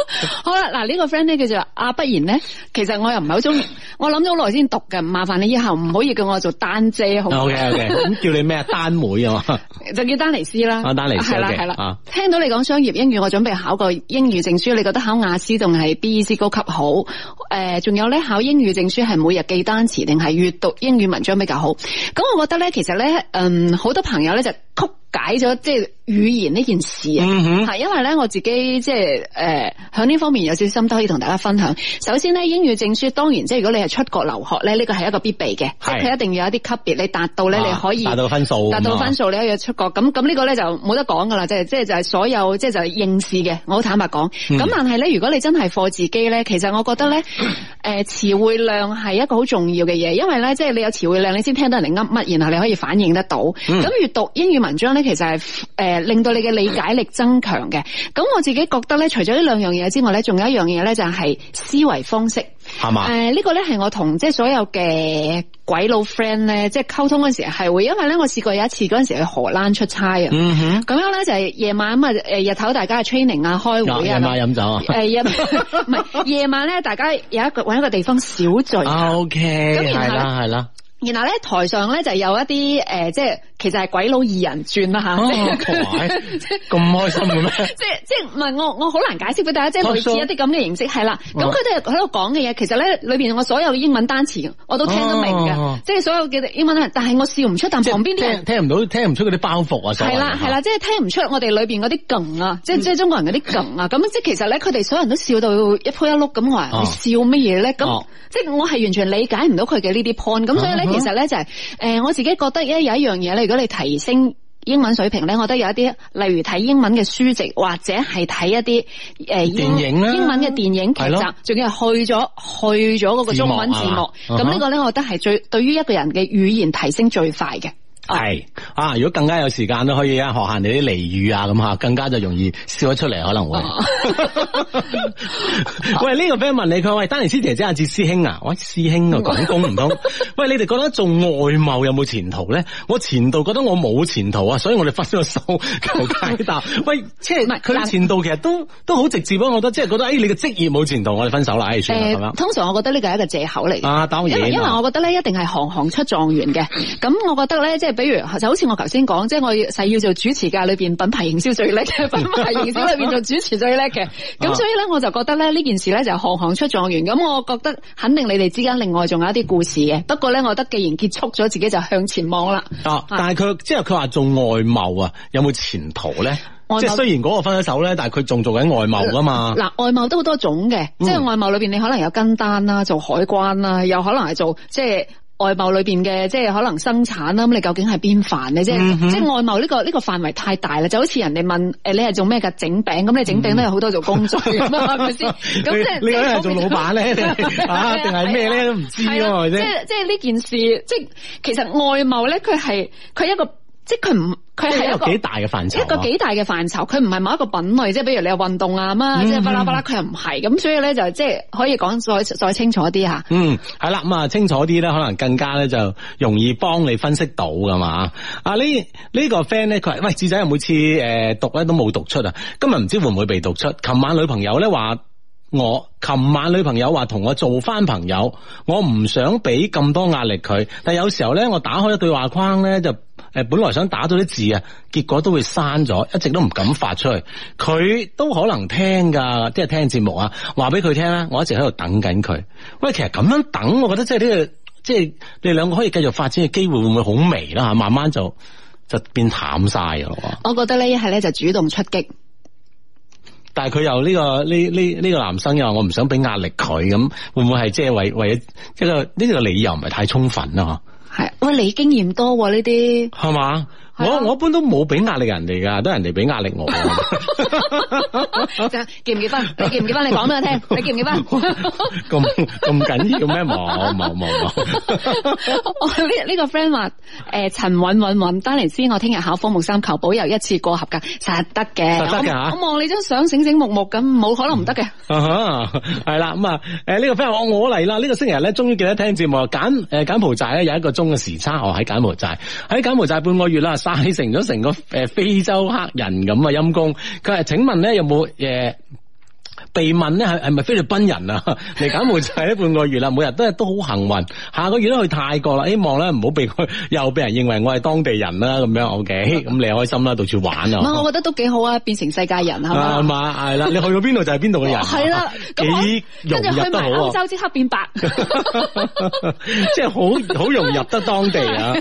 好。好、這、啦、個，嗱呢個 friend 咧叫做阿、啊、不然呢？其實我又唔係好中意，我諗咗好耐先讀嘅，麻煩你以後唔可以叫我做單姐好 OK O K，咁叫你咩單妹啊嘛？ [LAUGHS] 就叫丹尼斯啦，啊、丹尼斯係啦係、okay, 啦、啊。聽到你講商業英語，我準備考個英語證書，你覺得考雅思定係 B E C 高級好？誒、呃，仲有咧考英語證書係每日記單詞定係閱讀英語文章比較好？咁我覺得咧，其實咧，嗯，好多朋友咧就曲解咗即係。語言呢件事啊，係、嗯、因為咧我自己即係誒喺呢方面有少少心得可以同大家分享。首先咧，英語證書當然即係如果你係出國留學咧，呢個係一個必備嘅，係佢一定要有一啲級別，你達到咧你可以達、啊、到分數，達到分數、啊、你一要出國。咁咁呢個咧就冇得講噶啦，即係即係就係、是、所有即係就係應試嘅。我好坦白講，咁、嗯、但係咧如果你真係課自己咧，其實我覺得咧誒詞彙量係一個好重要嘅嘢，因為咧即係你有詞彙量，你先聽到人哋噏乜，然後你可以反應得到。咁、嗯、閱讀英語文章咧，其實係誒。呃令到你嘅理解力增強嘅，咁我自己覺得咧，除咗呢兩樣嘢之外咧，仲有一樣嘢咧，就係思維方式。係嘛？誒、呃，呢個咧係我同即係所有嘅鬼佬 friend 咧，即係溝通嗰時係會，因為咧我試過有一次嗰陣時候去荷蘭出差啊。嗯哼。咁樣咧就係、是呃、夜晚啊，誒日頭大家嘅 training 啊，開會啊，夜、呃、晚飲酒啊。誒、呃，唔係夜 [LAUGHS] [LAUGHS] 晚咧，大家有一個搵一個地方小聚。O、啊、K。咁、okay, 然後咧，然後咧台上咧就有一啲誒、呃，即係。其實係鬼佬二人轉啦吓，咁、啊即係啊即係、開心嘅咩？即係即係唔係我我好難解釋俾大家，即、就、係、是、類似一啲咁嘅形式係啦。咁佢哋喺度講嘅嘢，其實咧裏邊我所有英文單詞我都聽得明嘅，即、啊、係、即係、所有嘅英文單詞。但係我笑唔出，但旁邊啲人聽唔到，聽唔出嗰啲包袱啊。係啦係啦，即、啊、係、即係、聽唔出我哋裏邊嗰啲勁啊，即係即係中國人嗰啲勁啊。咁即係其實咧，佢哋所有人都笑到一鋪一碌咁話，笑乜嘢咧？咁即係我係完全理解唔到佢嘅呢啲 point。咁、啊、所以咧、啊，其實咧就係、是、誒，我自己覺得有一樣嘢嚟如果你提升英文水平咧，我覺得有一啲，例如睇英文嘅書籍，或者係睇一啲誒，電影啦、啊，英文嘅電影劇集，仲要係去咗去咗嗰個中文字幕。咁呢、啊、個咧，我覺得係最、uh-huh. 對於一個人嘅語言提升最快嘅。係、哎、啊！如果更加有時間都可以啊，學下你啲俚語啊咁嚇，更加就容易笑得出嚟可能會。哦、 [LAUGHS] 喂，呢、這個 friend 問你，佢喂，丹尼師姐，姐、姐阿志師兄啊，喂，師兄啊，講講唔通。 [LAUGHS] 喂，你哋覺得做外貿有冇前途咧？我前度覺得我冇前途啊，所以我哋分咗手求解答。喂，即係佢前度其實都都好直接我、就是、覺得即係覺得誒，你嘅職業冇前途，我哋分手啦、哎，算啦，係咪啊？通常我覺得呢個係一個借口嚟嘅。啊，當然。因為我覺得咧，一定係行行出狀元嘅。咁我覺得咧，即係。比如就好似我頭先講，即、就、係、是、我細要做主持界裏邊品牌營銷最叻，嘅，品牌營銷裏邊做主持最叻嘅。咁 [LAUGHS] 所以咧，我就覺得咧呢件事咧就是行行出狀元。咁我覺得肯定你哋之間另外仲有一啲故事嘅。不過咧，我覺得既然結束咗，自己就向前望啦。啊！但係佢即係佢話做外貿啊，有冇前途咧？即係、就是、雖然嗰個分咗手咧，但係佢仲做緊外貿㗎嘛。嗱、呃呃，外貿都好多種嘅，即、嗯、係、就是、外貿裏邊你可能有跟單啦，做海關啦，又可能係做即係。就是外貿裏邊嘅即係可能生產啦，咁你究竟係邊範咧？即即係外貿呢個呢個範圍太大啦，就好似人哋問誒，你係做咩噶？整餅咁你整餅都有好多做工序，咁、嗯 [LAUGHS] 就是、 [LAUGHS] 即係你係做老闆咧，定係咩咧都唔知，即係即係呢件事，即係其實外貿咧佢係佢一個。即係佢唔，佢係一個有幾大、啊、一個幾大嘅範疇，佢唔係某一個品類，即係比如你係運動啊嘛、嗯，即係巴拉巴拉，佢又唔係咁，所以咧就即係可以講再再清楚啲吓。嗯，係啦，咁、嗯、啊清楚啲咧，可能更加咧就容易幫你分析到噶嘛。嗯、啊呢呢、呢個 friend 咧，佢喂智仔，每次誒讀咧都冇讀出啊，今日唔知會唔會被讀出。琴晚女朋友咧話我，琴晚女朋友話同我做翻朋友，我唔想俾咁多壓力佢，但有時候咧我打開咗對話框咧就。誒，本來想打到啲字啊，結果都會刪咗，一直都唔敢發出去。佢都可能聽噶，即係聽節目啊，話俾佢聽啦。我一直喺度等緊佢。喂，其實咁樣等，我覺得即係呢個，即係你兩個可以繼續發展嘅機會,會,會很，會唔會好微啦？慢慢就就變淡晒咯。我覺得呢一係咧就主動出擊。但係佢又呢、呢個呢呢呢個男生又話我唔想俾壓力佢咁，會唔會係即係為為咗呢個呢個理由唔係太充分啦？係、哎，喂、啊，你經驗多呢啲係嘛？我、啊、我一般都冇俾壓力人哋噶，都係人哋俾壓力我。結唔結婚？你結唔結婚？你講俾我聽，你結唔結婚？咁咁緊要咩？冇冇冇我呢呢、這個 friend 話，誒陳韻韻韻，丹尼斯，我聽日考科目三求保佑一次過合格，實得嘅。實得嘅，我望你張相，醒醒目目，咁，冇可能唔得嘅。啊哈，係啦，咁、嗯、啊，誒、這、呢個 friend 我我嚟啦，呢、這個星期日咧，終於記得聽節目，揀誒柬埔寨咧有一個鐘嘅時差，我喺柬埔寨，喺柬埔寨半個月啦。帶成咗成個誒非洲黑人咁啊！陰公，佢係請問咧有冇誒？被問咧係係咪菲律賓人啊？嚟柬埔寨呢半個月啦，每日都係都好幸運。下個月都去泰國啦，希望咧唔好被佢又俾人認為我係當地人啦咁樣。OK，咁、嗯、你開心啦，到處玩啊、嗯！我覺得都幾好啊，變成世界人係咪啊？係、嗯、啦、嗯，你去到邊度就係邊度嘅人。係、嗯、啦，跟住去埋歐洲即刻變白，即係好好容易入得當地啊！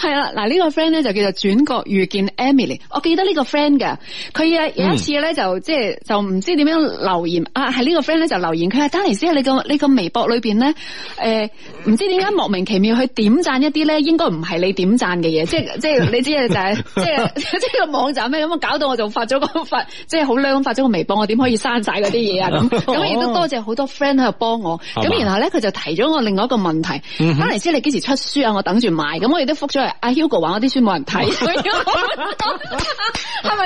係啦，嗱、這、呢個 friend 咧就叫做轉角遇見 Emily。我記得呢個 friend 嘅，佢啊有一次咧就即係、嗯、就唔知點樣留言。啊，係呢個 friend 咧就留言，佢話，丹尼斯你個你個微博裏邊咧，誒、欸，唔知點解莫名其妙去點讚一啲咧，應該唔係你點讚嘅嘢，即係即係你知啊，就係、是、即係即係個網站咩咁搞到我就發咗個發，即係好靚咁發咗個微博，我點可以刪晒嗰啲嘢啊咁？咁 [LAUGHS] 亦、哦、都謝謝多謝好多 friend 喺度幫我。咁然後咧佢就提咗我另外一個問題，丹尼斯你幾時出書啊？我等住買。咁我亦都復咗嚟，阿、啊、Hugo 話我啲書冇人睇，係咪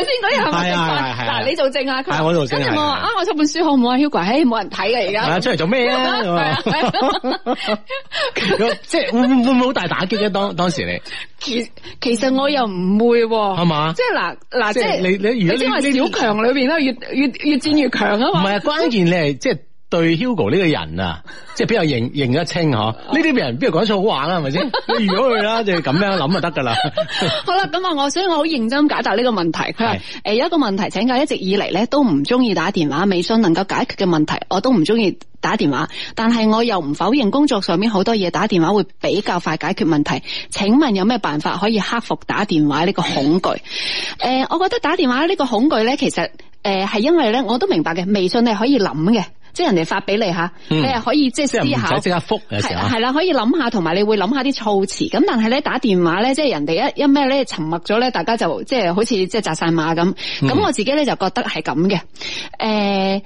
[LAUGHS] [LAUGHS] [LAUGHS] 先嗰啲？係咪？嗱、啊啊啊，你做證啊，佢，我做證。跟住我話啱，我出本書。好唔好啊？Hugo，冇人睇你而家。出嚟做咩啊？即 [LAUGHS] 係會唔會唔會好大打擊嘅。當 [LAUGHS] 當時你其實其實我又唔會係嘛？即係嗱嗱即係你你如果你即係小強裏邊咧，越越越戰越強啊嘛。唔係關鍵，你係即係。就是對 Hugo 呢個人啊，即係比較認認得清嗬？呢 [LAUGHS] 啲人邊又講出好玩啦，係咪先？如果佢啦就咁樣諗就得噶啦。 [LAUGHS] 好啦，咁我所以我好認真解答呢個問題。佢話誒，有、呃、一個問題，請教一直以嚟咧都唔中意打電話，微信能夠解決嘅問題，我都唔中意打電話。但係我又唔否認工作上面好多嘢打電話會比較快解決問題。請問有咩辦法可以克服打電話呢個恐懼？誒、 [LAUGHS] 呃，我覺得打電話呢個恐懼咧，其實誒係、呃、因為咧，我都明白嘅，微信係可以諗嘅。即係人哋發俾你吓、嗯，你啊可以即係試下，即刻覆係係啦，可以諗下，同埋你會諗下啲措辭。咁但係咧打電話咧，即係人哋一一咩咧沉默咗咧，大家就即係好似即係紮晒馬咁。咁、嗯、我自己咧就覺得係咁嘅。誒、呃，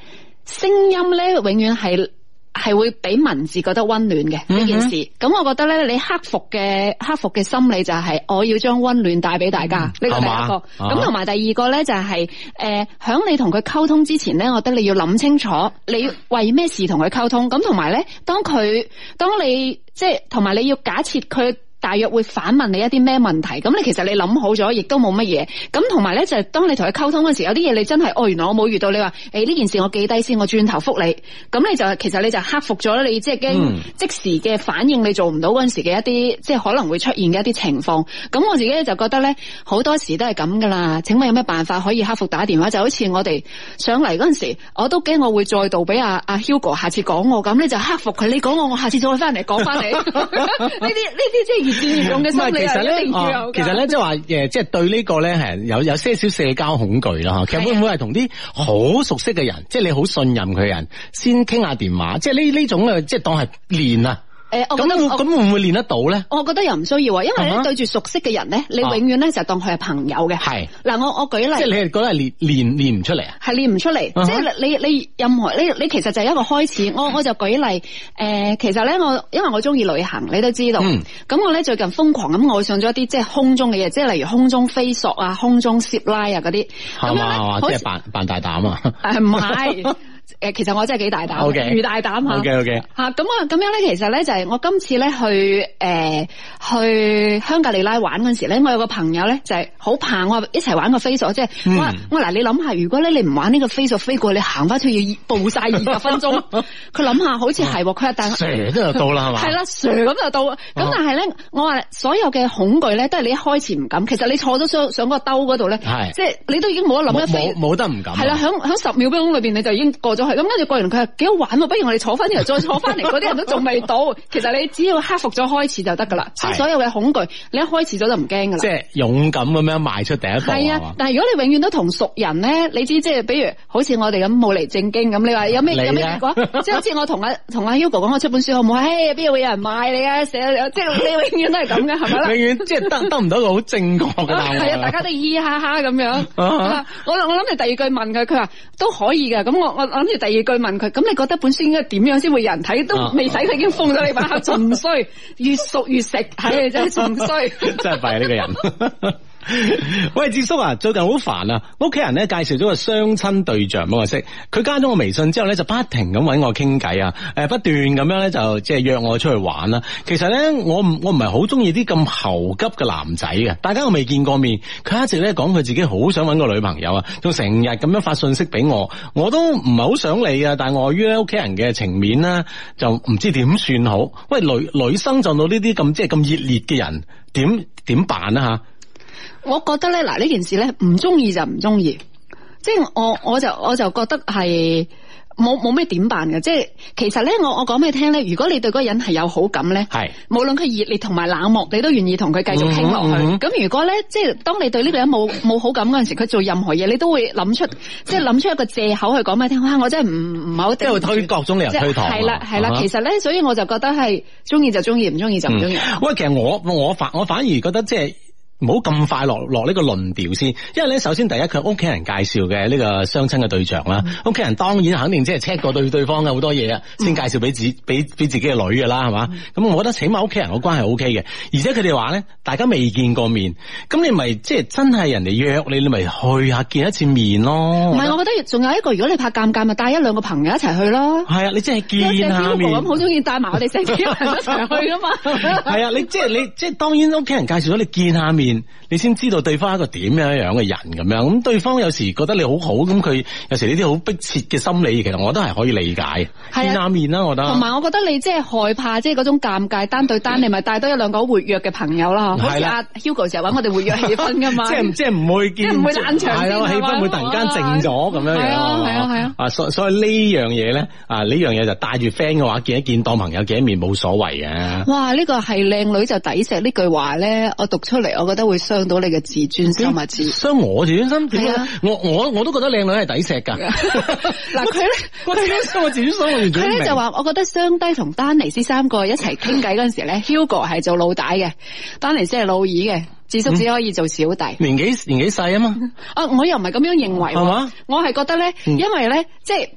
聲音咧永遠係。係會俾文字覺得溫暖嘅呢件事，咁、嗯、我覺得咧，你克服嘅克服嘅心理就係我要將溫暖帶俾大家呢、嗯，這個第一個，咁同埋第二個咧就係、是、誒、響、啊呃、你同佢溝通之前咧，我覺得你要諗清楚，你要為咩事同佢溝通，咁同埋咧，當佢當你即係同埋你要假設佢。大約會反問你一啲咩問題？咁你其實你諗好咗，亦都冇乜嘢。咁同埋咧，就係當你同佢溝通嗰時，有啲嘢你真係，哦，原來我冇遇到你話，誒呢件事我記低先，我轉頭覆你。咁你就其實你就克服咗你即係驚即時嘅反應你做唔到嗰陣時嘅一啲，即係可能會出現嘅一啲情況。咁我自己就覺得咧，好多時都係咁噶啦。請問有咩辦法可以克服打電話？就好似我哋上嚟嗰陣時，我都驚我會再度俾阿阿 Hugo 下次講我，咁你就克服佢。你講我，我下次再翻嚟講翻你。呢啲呢啲即係。嘅，唔係、啊，其實咧，其實咧，即係話誒，即係對呢個咧係有有些少社交恐懼啦吓，其實會唔會係同啲好熟悉嘅人，即 [LAUGHS] 係你好信任佢人，先傾下電話？即係呢呢種啊，即係當係練啊。誒，咁咁會唔會，會練得到咧？我覺得又唔需要啊，因為你對對住熟悉嘅人咧，uh -huh. 你永遠咧就當佢係朋友嘅。係、uh、嗱 -huh.，我我舉例，即係你係覺得練練練唔出嚟啊？係練唔出嚟，uh -huh. 即係你你任何你你其實就係一個開始。Uh -huh. 我我就舉例，誒、呃，其實咧我因為我中意旅行，你都知道。咁、uh -huh. 我咧最近瘋狂咁愛上咗一啲即係空中嘅嘢，即係例如空中飛索啊、空中攝拉啊嗰啲。係嘛、uh -huh. uh -huh.？即係扮扮大膽啊！唔係。 [LAUGHS] 誒，其實我真係幾大膽，如、okay, 大膽吓。OK，OK、okay, okay。吓咁啊，咁樣咧，其實咧就係我今次咧去誒、呃、去香格里拉玩嗰時咧，我有個朋友咧就係好怕，我一齊玩個飛索，即、就、係、是、我、嗯、我嗱，你諗下，如果咧你唔玩呢個飛索飛過你，你行翻出去要暴曬二十分鐘，佢諗下好似係，佢話但蛇都就到啦，係 [LAUGHS] 嘛？係啦，咁就到，咁 [LAUGHS] 但係咧，我話所有嘅恐懼咧都係你一開始唔敢、哦，其實你坐咗上上個兜嗰度咧，即係、就是、你都已經冇得諗一冇冇得唔敢，係啦，響響十秒鐘裏邊你就已經。咁跟住過完，佢話幾好玩喎，不如我哋坐翻啲人再坐翻嚟，嗰啲人都仲未到。其實你只要克服咗開始就得噶啦，所有嘅恐懼，你一開始咗就唔驚噶啦。即係勇敢咁樣邁出第一步啊！但係如果你永遠都同熟人咧，你知即係，比如好似我哋咁冇嚟正經咁，你話有咩、啊、有咩結即係好似我同阿同阿 U 哥講，我出本書好唔好？誒，邊度會有人買你啊？寫即係你永遠都係咁嘅，係咪永遠即係 [LAUGHS] 得得唔到一個好正確嘅係啊，大家都嘻嘻哈哈咁樣。啊、我我諗你第二句問佢，佢話都可以嘅。咁我我。我諗住第二句問佢，咁你覺得本書應該點樣先會人睇？都未睇，佢已經封咗你把口，盡衰，越熟越食，係 [LAUGHS] 真係仲衰，真係弊啊呢個人。 [LAUGHS] 喂，智叔啊，最近好煩啊！屋企人咧介紹咗個相親對象，俾我識佢加咗我微信之後咧，就不停咁搵我傾偈啊，誒、不斷咁樣咧就即係約我出去玩啦，啊。其實咧，我唔我唔係好中意啲咁猴急嘅男仔啊。大家我未見過面，佢一直咧講佢自己好想搵個女朋友啊，仲成日咁樣發信息俾我，我都唔係好想理啊。但係礙於屋企人嘅情面啦，就唔知點算好。喂，女女生撞到呢啲咁即係咁熱烈嘅人，點點辦啊吓？我覺得咧，嗱呢件事咧，唔中意就唔中意，即係我我就我就覺得係冇冇咩點辦嘅。即係其實咧，我我講俾你聽咧，如果你對嗰個人係有好感咧，係無論佢熱烈同埋冷漠，你都願意同佢繼續傾落去。咁，嗯嗯、如果咧，即係當你對呢個人冇冇好感嗰陣時候，佢做任何嘢，你都會諗出、嗯，即係諗出一個借口去講俾你聽。哇！我真係唔唔係好，即係推各種理由推搪。係啦係啦，其實咧，所以我就覺得係中意就中意，唔中意就唔中意。喂，其實我我，我反我反而覺得即、就、係、是。唔好咁快落落呢個論調先，因為咧，首先第一佢屋企人介紹嘅呢個相親嘅對象啦，屋、嗯、企人當然肯定即係 check 過對對方嘅好多嘢啊，先、嗯、介紹俾自俾俾自己嘅、嗯、女㗎啦，係嘛？咁、嗯、我覺得起碼屋企人嘅關係 O K 嘅，而且佢哋話咧，大家未見過面，咁你咪即係真係人哋約你，你咪去下見一次面咯。唔係，我覺得仲有一個，如果你怕尷尬，咪帶一兩個朋友一齊去咯。係啊，你真係見一下面咁好中意帶埋我哋成啲人一齊去㗎嘛？係 [LAUGHS] [LAUGHS] 啊，你即 [LAUGHS] 你即係你 [LAUGHS] 當然屋企人介紹咗你見下面。你先知道對方係一個點樣樣嘅人咁樣，咁對方有時覺得你好好，咁佢有時呢啲好逼切嘅心理，其實我都係可以理解，見下、啊啊、面啦、啊，我覺得。同埋我覺得你即係害怕，即係嗰種尷尬單對單，你咪帶多一兩個活躍嘅朋友啦、啊，好似阿 Hugo 成日搵我哋活躍氣氛咁嘛， [LAUGHS] 即係即係唔會見，即係唔會冷場即，係啊，氣氛會突然間靜咗咁樣樣，係啊係啊，啊所、啊啊、所以，啊所以這個、東西呢樣嘢咧，啊呢樣嘢就帶住 friend 嘅話見一見當朋友見一面冇所謂嘅。哇，呢、這個係靚女就抵錫呢句話咧，我讀出嚟我。覺得會傷到你嘅自尊心物、啊、傷我自尊心。係啊，我我我都覺得靚女係抵錫噶嗱佢咧，我哋我自佢咧就話，我覺得雙低同丹尼斯三個一齊傾偈嗰陣時咧 [LAUGHS] ，Hugo 係做老大嘅，丹尼斯係老二嘅，智叔只可以做小弟。嗯、年紀年紀細啊嘛？啊， [LAUGHS] 我又唔係咁樣認為。係嘛？我係覺得咧，因為咧，即、就、係、是。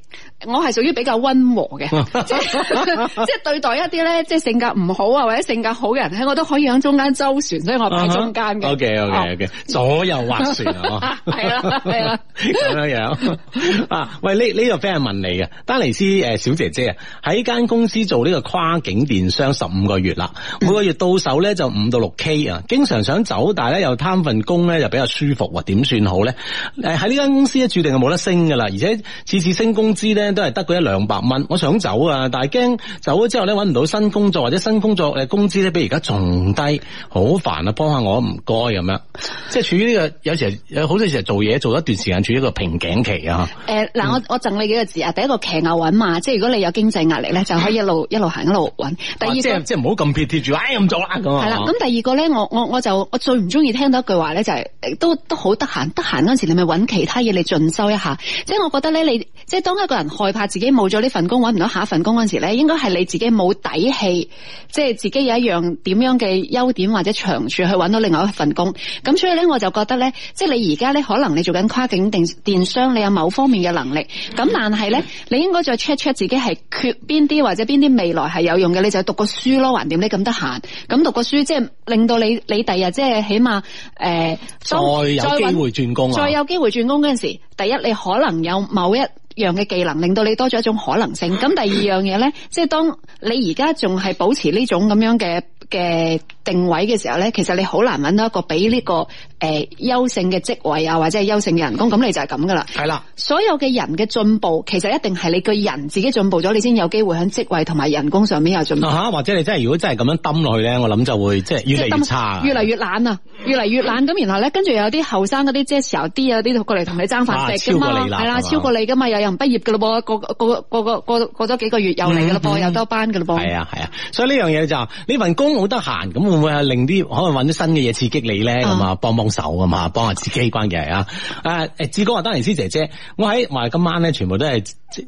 我係屬於比較溫和嘅， [LAUGHS] 即係對待一啲咧，即係性格唔好啊，或者性格好嘅人喺我都可以喺中間周旋，所以我喺中間嘅。Uh -huh. ok ok ok、oh. 左右划船啊，係 [LAUGHS] 啊， [LAUGHS] 係啊，咁樣樣啊。喂，呢、這、呢個 friend 問你嘅，丹尼斯，誒小姐姐啊，喺間公司做呢個跨境電商十五個月啦，每個月到手咧就五到六 k 啊，經常想走，但係咧又貪份工咧又比較舒服，點算好咧？誒，喺呢間公司咧注定係冇得升噶啦，而且次次升工資咧，都係得嗰一兩百蚊，我想走啊，但係驚走咗之後咧，搵唔到新工作或者新工作誒，工資咧比而家仲低，好煩啊！幫下我唔該咁樣， [LAUGHS] 即係處於呢、這個，有時候有好多時候做嘢做一段時間，處於一個瓶頸期啊。誒，嗱，我我贈你幾個字啊，第一個騎牛搵馬，即係如果你有經濟壓力咧，就可以一路 [LAUGHS] 一路行一路搵。第二個，即係即係唔好咁撇貼住，哎，唔做啦咁。係、嗯、啦，咁第二個咧，我我我就我最唔中意聽到一句話咧，就係、是、都都好得閒，得閒嗰陣時你找，你咪搵其他嘢你進修一下。即係我覺得咧，你。即係當一個人害怕自己冇咗呢份工，搵唔到下一份工嗰陣時咧，應該係你自己冇底氣，即係自己有一樣點樣嘅優點或者長處去搵到另外一份工。咁所以咧，我就覺得咧，即係你而家咧，可能你做緊跨境電電商，你有某方面嘅能力。咁但係咧，你應該再 check check 自己係缺邊啲或者邊啲未來係有用嘅，你就讀個書咯，橫掂你咁得閒咁讀個書，書即係令到你你第日即係起碼誒、呃，再有機會轉工，啊，再有機會轉工嗰陣時，第一你可能有某一。一樣嘅技能令到你多咗一種可能性。咁第二樣嘢咧，即係當你而家仲係保持呢種咁樣嘅嘅定位嘅時候咧，其實你好難揾到一個俾呢、這個誒優、呃、勝嘅職位啊，或者係優勝嘅人工。咁你就係咁噶啦。係啦，所有嘅人嘅進步，其實一定係你個人自己進步咗，你先有機會喺職位同埋人工上面有進步。吓、啊，或者你真係如果真係咁樣抌落去咧，我諗就會即係越嚟越差，就係越嚟越懶啊，越嚟越懶。咁然後咧，些些跟住有啲後生嗰啲即係時候啲啊，啲就過嚟同你爭飯食噶嘛，係、啊、啦，超過你噶嘛，又。人畢業噶咯，噃，過個個個過過咗幾個月又嚟噶啦噃，又多班噶咯。噃、啊，係啊係啊，所以呢樣嘢就、呢、是、份工好得閒，咁會唔會係令啲可能揾啲新嘅嘢刺激你咧？咁啊幫幫手啊嘛，幫下自己關嘢 [LAUGHS] 啊。誒誒，志哥啊，丹尼斯姐姐，我喺埋今晚咧，全部都係。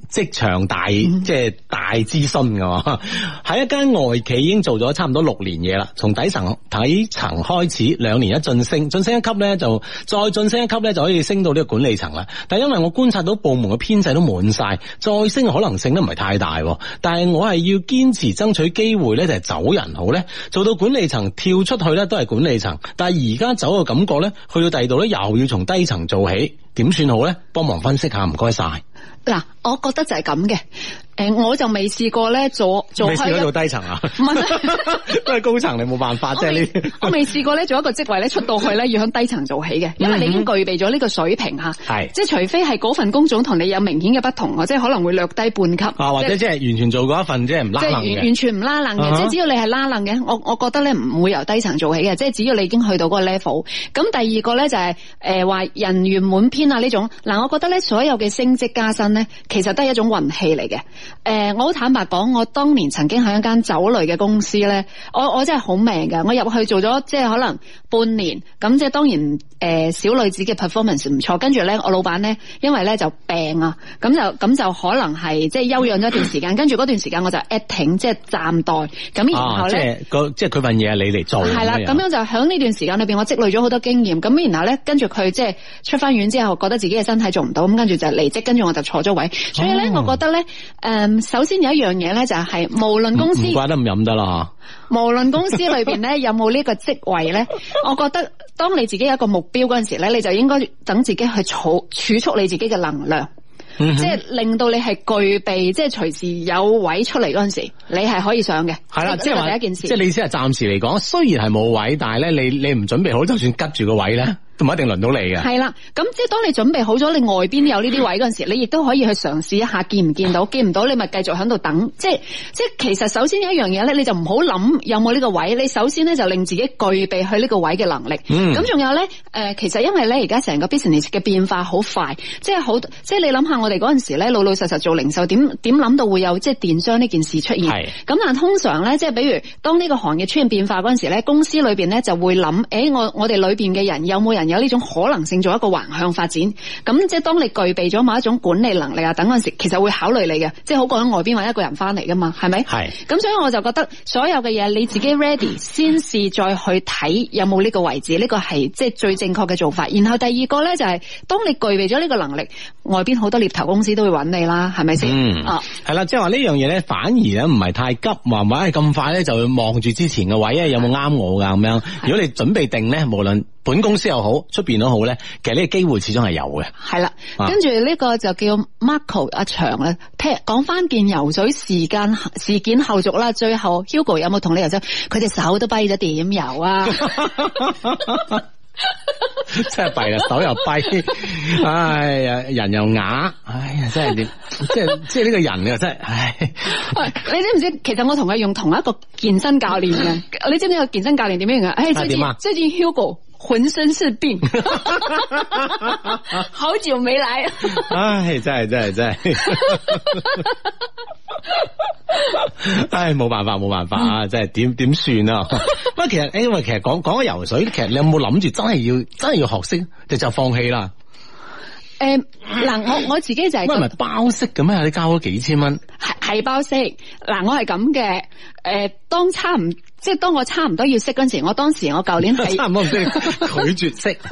職場大即係、就是、大資深嘅喎，喺一間外企已經做咗差唔多六年嘢啦，從底層底層開始，兩年一晉升，晉升一級呢就再晉升一級呢就可以升到呢個管理層啦。但係因為我觀察到部門嘅編制都滿晒，再升嘅可能性都唔係太大。但係我係要堅持爭取機會呢，就係、是、走人好呢，做到管理層跳出去呢都係管理層。但係而家走嘅感覺呢，去到第二度呢，又要從低層做起，點算好呢？幫忙分析下，唔該晒。嗱，我覺得就係咁嘅，誒，我就未試過咧做做。做，做低層啊？唔係， [LAUGHS] 都係高層你冇辦法，即係呢。 [LAUGHS] 我未試過咧做一個職位咧出到去咧要向低層做起嘅，因為你已經具備咗呢個水平吓。係、嗯，即係除非係嗰份工種同你有明顯嘅不同啊，即係可能會略低半級。啊，或者即係完全做過一份、就是、即係唔拉楞嘅。完全唔拉楞嘅、就是 uh -huh.，即係只要你係拉楞嘅，我我覺得咧唔會由低層做起嘅，即係只要你已經去到嗰個 level。咁第二個咧就係誒話人員滿編啊呢種。嗱，我覺得咧所有嘅升職加薪。其實都係一種運氣嚟嘅，誒、呃，我好坦白講，我當年曾經喺一間酒類嘅公司咧，我我真係好命噶，我入去做咗即係可能半年，咁即係當然誒、呃、小女子嘅 performance 唔錯，跟住咧我老闆咧因為咧就病啊，咁就咁就可能係即係休養咗一段時間，跟住嗰段時間我就 acting 即係暫代，咁然後咧、啊，即係即係佢份嘢你嚟做，係啦，咁樣就喺呢段時間裏邊我積累咗好多經驗，咁然後咧跟住佢即係出翻院之後覺得自己嘅身體做唔到，咁跟住就離職，跟住我就坐位，所以咧，我覺得咧，誒，首先有一樣嘢咧，就係無論公司唔怪得唔飲得啦。無論公司裏邊咧有冇呢個職位咧， [LAUGHS] 我覺得當你自己有一個目標嗰陣時咧，你就應該等自己去儲儲蓄你自己嘅能量，嗯、即係令到你係具備，即係隨時有位出嚟嗰陣時，你係可以上嘅。係啦，即、就、係、是、第一件事。即係你先係係暫時嚟講，雖然係冇位，但係咧，你你唔準備好，就算急住個位咧。都唔一定輪到你嘅。係啦，咁即係當你準備好咗，你外邊有呢啲位嗰陣時，你亦都可以去嘗試一下見唔見到，見唔到你咪繼續響度等。即係即係，其實首先有一樣嘢咧，你就唔好諗有冇呢個位，你首先咧就令自己具備去呢個位嘅能力。咁、嗯、仲有咧，誒，其實因為咧而家成個 business 嘅變化好快，即係好即係你諗下我，我哋嗰陣時咧老老實實做零售，點點諗到會有即係電商呢件事出現？咁但係通常咧，即係比如當呢個行業出現變化嗰陣時咧，公司裏邊咧就會諗，誒、欸，我我哋裏邊嘅人有冇人？有有呢種可能性做一個橫向發展，咁即係當你具備咗某一種管理能力啊，等嗰陣時，其實會考慮你嘅，即係好過喺外邊揾一個人翻嚟噶嘛，係咪？係咁，所以我就覺得所有嘅嘢你自己 ready，先試再去睇有冇呢個位置，呢、這個係即係最正確嘅做法。然後第二個呢，就係、是，當你具備咗呢個能力，外邊好多獵頭公司都會揾你啦，係咪先？係係啦，即係話呢樣嘢呢，反而咧唔係太急，話唔係咁快呢，就會望住之前嘅位有冇啱我噶咁樣。如果你準備定呢，無論。本公司又好，出邊都好咧。其實呢個機會始終係有嘅。係啦、啊，跟住呢個就叫 Marco 阿長啊，聽講翻件游水時間事件後續啦。最後 Hugo 有冇同你游水？佢隻手都跛咗，點游啊？ [LAUGHS] [LAUGHS] 真係跛啦，手又跛。哎呀，人又啞，哎呀，真係點？即係即係呢個人又真係，唉。唉喂，你知唔知？其實我同佢用同一個健身教練嘅。你知唔知個健身教練點樣噶？哎、啊，即係 Hugo。渾身是病， [LAUGHS] 好久沒來。哎， [LAUGHS] 真係真係真係。哎，冇 [LAUGHS] 辦法，冇辦法啊、嗯！真係點點算啊？不 [LAUGHS] 過其實，因為其實講講開游水，其實你有冇諗住真係要真係要學識，就就放棄啦？誒、呃，嗱，我我自己就係、這個。唔係包識嘅咩？你交咗幾千蚊？係係包識。嗱，我係咁嘅，誒、呃。當差唔即係當我差唔多要識嗰陣時，我當時我舊年差唔多唔識拒絕識， [LAUGHS]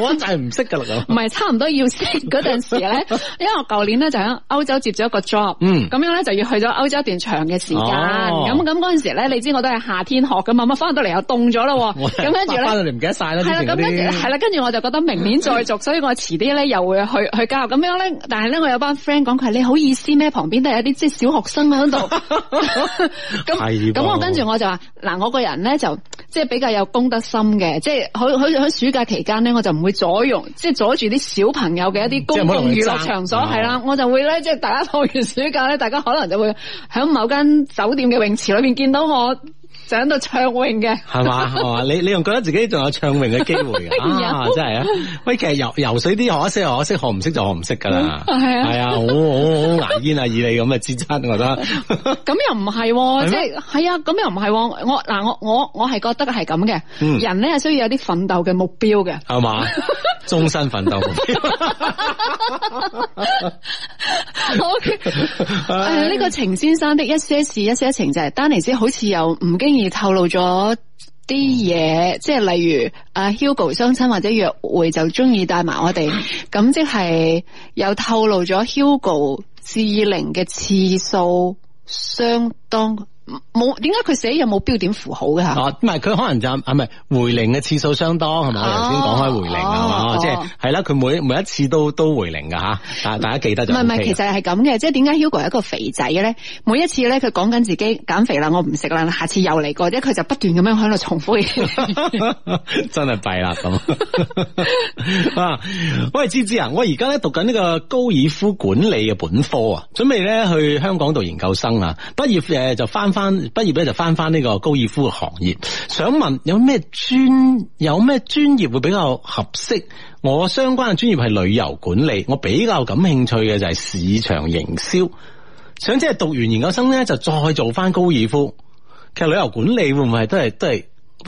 我就係唔識噶啦咁。唔係差唔多要識嗰陣時咧， [LAUGHS] 因為我舊年咧就喺歐洲接咗一個 job，咁、嗯、樣咧就要去咗歐洲一段長嘅時間。咁咁嗰陣時咧，你知我都係夏天學噶嘛，咁翻到嚟又凍咗啦。咁跟住翻到嚟唔記得晒啦。係啦，咁係啦，跟 [LAUGHS] 住我就覺得明年再續，所以我遲啲咧又會去去教育。咁樣咧，但係咧我有班 friend 講佢你好意思咩？旁邊都係有啲即係小學生響度咁。 [LAUGHS] 咁我跟住我就話，嗱，我個人咧就即係比較有公德心嘅，即係好似喺暑假期間咧，我就唔會阻容，即係阻住啲小朋友嘅一啲公共娛樂場所，係啦，我就會咧，即係大家放完暑假咧，大家可能就會喺某間酒店嘅泳池裏邊見到我。想度暢泳嘅，係嘛係嘛？你你仲覺得自己仲有暢泳嘅機會 [LAUGHS] 啊？ [LAUGHS] 真係啊！喂，其實游游水啲學一識學一識，學唔識就學唔識噶啦。係、嗯、啊係啊，好好好牙煙 [LAUGHS] 啊！以你咁嘅資質，我，我，我，我覺得咁又唔係，即係係啊，咁又唔係。我嗱我我我係覺得係咁嘅。人咧係需要有啲奮鬥嘅目標嘅。係嘛，終身奮鬥目標、 [LAUGHS] [LAUGHS] okay.。好 ok 呢個程先生的一些事， [LAUGHS] 一些事一些情就係丹尼斯好似有唔經。而透露咗啲嘢，即係例如阿 Hugo 相親或者約會就中意帶埋我哋，咁即係又透露咗 Hugo 至零嘅次數相當。冇點解佢寫有冇標點符號嘅吓？哦、唔係佢可能就係咪、啊、回零嘅次數相當係嘛？我頭先講開回零啊嘛、啊？即係係啦，佢、啊、每每一次都都回零嘅吓，但大家記得就唔係唔係，其實係咁嘅，即係點解 Hugo 係一個肥仔嘅咧？每一次咧，佢講緊自己減肥啦，我唔食啦，下次又嚟過，即係佢就不斷咁樣喺度重複。 [LAUGHS] 真係弊啦咁啊！ [LAUGHS] 喂，芝芝啊，我而家咧讀緊呢個高爾夫管理嘅本科啊，準備咧去香港讀研究生啊，畢業誒就翻。翻畢業咧就翻翻呢個高爾夫嘅行業，想問有咩專有咩專業會比較合適？我相關嘅專業係旅遊管理，我比較感興趣嘅就係市場營銷。想即係讀完研究生咧就再做翻高爾夫。其實旅遊管理會唔會都係都係？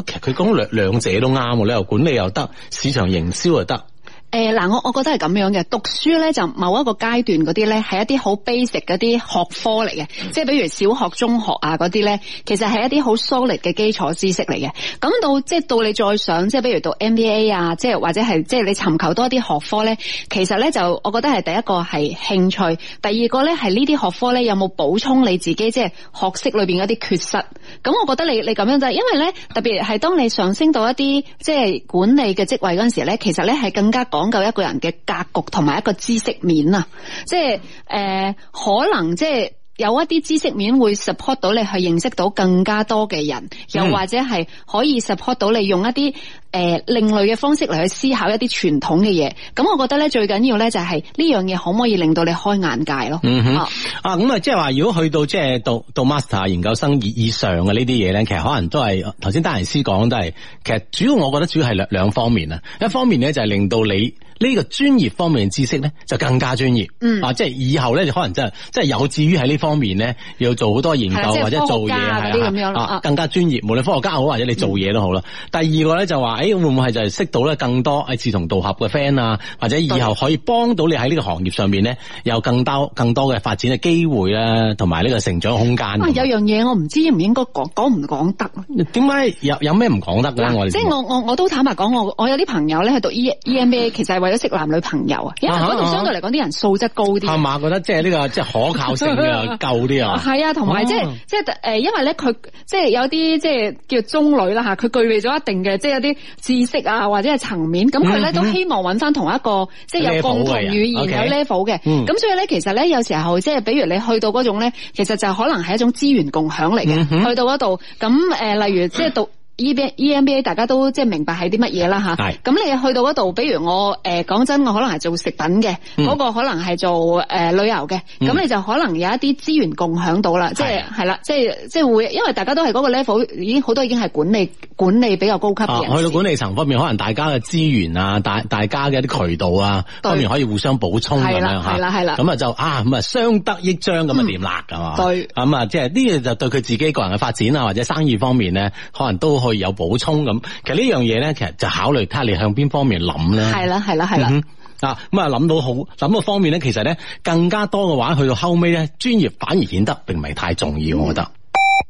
其實佢講兩兩者都啱，旅遊管理又得，市場營銷又得。誒，嗱，我我覺得係咁樣嘅，讀書咧就某一個階段嗰啲咧係一啲好 basic 嘅啲學科嚟嘅，即係比如小學、中學啊嗰啲咧，其實係一啲好 solid 嘅基礎知識嚟嘅。咁到即係到你再想，即係比如讀 MBA 啊，即係或者係即係你尋求多一啲學科咧，其實咧就我覺得係第一個係興趣，第二個咧係呢啲學科咧有冇補充你自己即係學識裏邊嗰啲缺失。咁我覺得你你咁樣就係，因為咧特別係當你上升到一啲即係管理嘅職位嗰陣時咧，其實咧係更加講究一個人嘅格局同埋一個知識面啊，即係誒、呃，可能即係。有一啲知識面會 support 到你去認識到更加多嘅人，又或者係可以 support 到你用一啲誒、呃、另類嘅方式嚟去思考一啲傳統嘅嘢。咁我覺得咧最緊要咧就係呢樣嘢可唔可以令到你開眼界咯。嗯、哼啊，啊咁啊即係話如果去到即係讀讀 master 研究生以以上嘅呢啲嘢咧，其實可能都係頭先丹尼斯講都係，其實主要我覺得主要係兩兩方面啊。一方面咧就係令到你。呢、這個專業方面嘅知識咧，就更加專業,、嗯啊嗯啊啊、業。啊，即係以後咧，就可能真係，即係有志於喺呢方面咧，要做好多研究或者做嘢，係啊，更加專業。無論科學家好，或者你做嘢都好啦、嗯。第二個咧就話，誒、哎、會唔會係就係識到咧更多誒志同道合嘅 friend 啊，或者以後可以幫到你喺呢個行業上面咧，有更多更多嘅發展嘅機會啦、啊，同埋呢個成長空間、啊啊。有樣嘢我唔知應唔應該講講唔講得？點解有有咩唔講得咧、啊？我即係我我我都坦白講，我我有啲朋友咧去讀 EMBA， [LAUGHS] 其實識男女朋友因為啊，喺嗰度相對嚟講啲人素質高啲，係嘛？覺得即係呢個即係可靠性 [LAUGHS] 夠啊，夠啲啊。係啊，同埋即係即係誒，因為咧佢即係有啲即係叫中女啦吓，佢具備咗一定嘅即係有啲知識啊，或者係層面，咁佢咧都希望揾翻同一個即係有共同語言有 level 嘅，咁、嗯嗯、所以咧其實咧有時候即係比如你去到嗰種咧，其實就可能係一種資源共享嚟嘅、嗯嗯，去到嗰度咁誒，例如即係讀。嗯 E M B A 大家都即係明白係啲乜嘢啦吓，咁你去到嗰度，比如我誒講、呃、真，我可能係做食品嘅，嗰、嗯那個可能係做誒、呃、旅遊嘅，咁、嗯、你就可能有一啲資源共享到啦，即係係啦，即係即係會，因為大家都係嗰個 level，已經好多已經係管理管理比較高級嘅、啊。去到管理層方面，可能大家嘅資源啊，大大家嘅一啲渠道啊，方面可以互相補充咁，係啦係啦係啦，咁啊就啊咁啊相得益彰咁啊掂啦，咁嘛。對。咁啊，即係呢樣就對佢自己個人嘅發展啊，或者生意方面咧，可能都好。會有補充咁，其實這件事呢樣嘢咧，其實就考慮睇下你向邊方面諗咧。係啦，係啦，係啦。啊、嗯，咁啊諗到好諗嘅方面咧，其實咧更加多嘅話，去到後尾咧，專業反而顯得並唔係太重要。嗯、我覺得。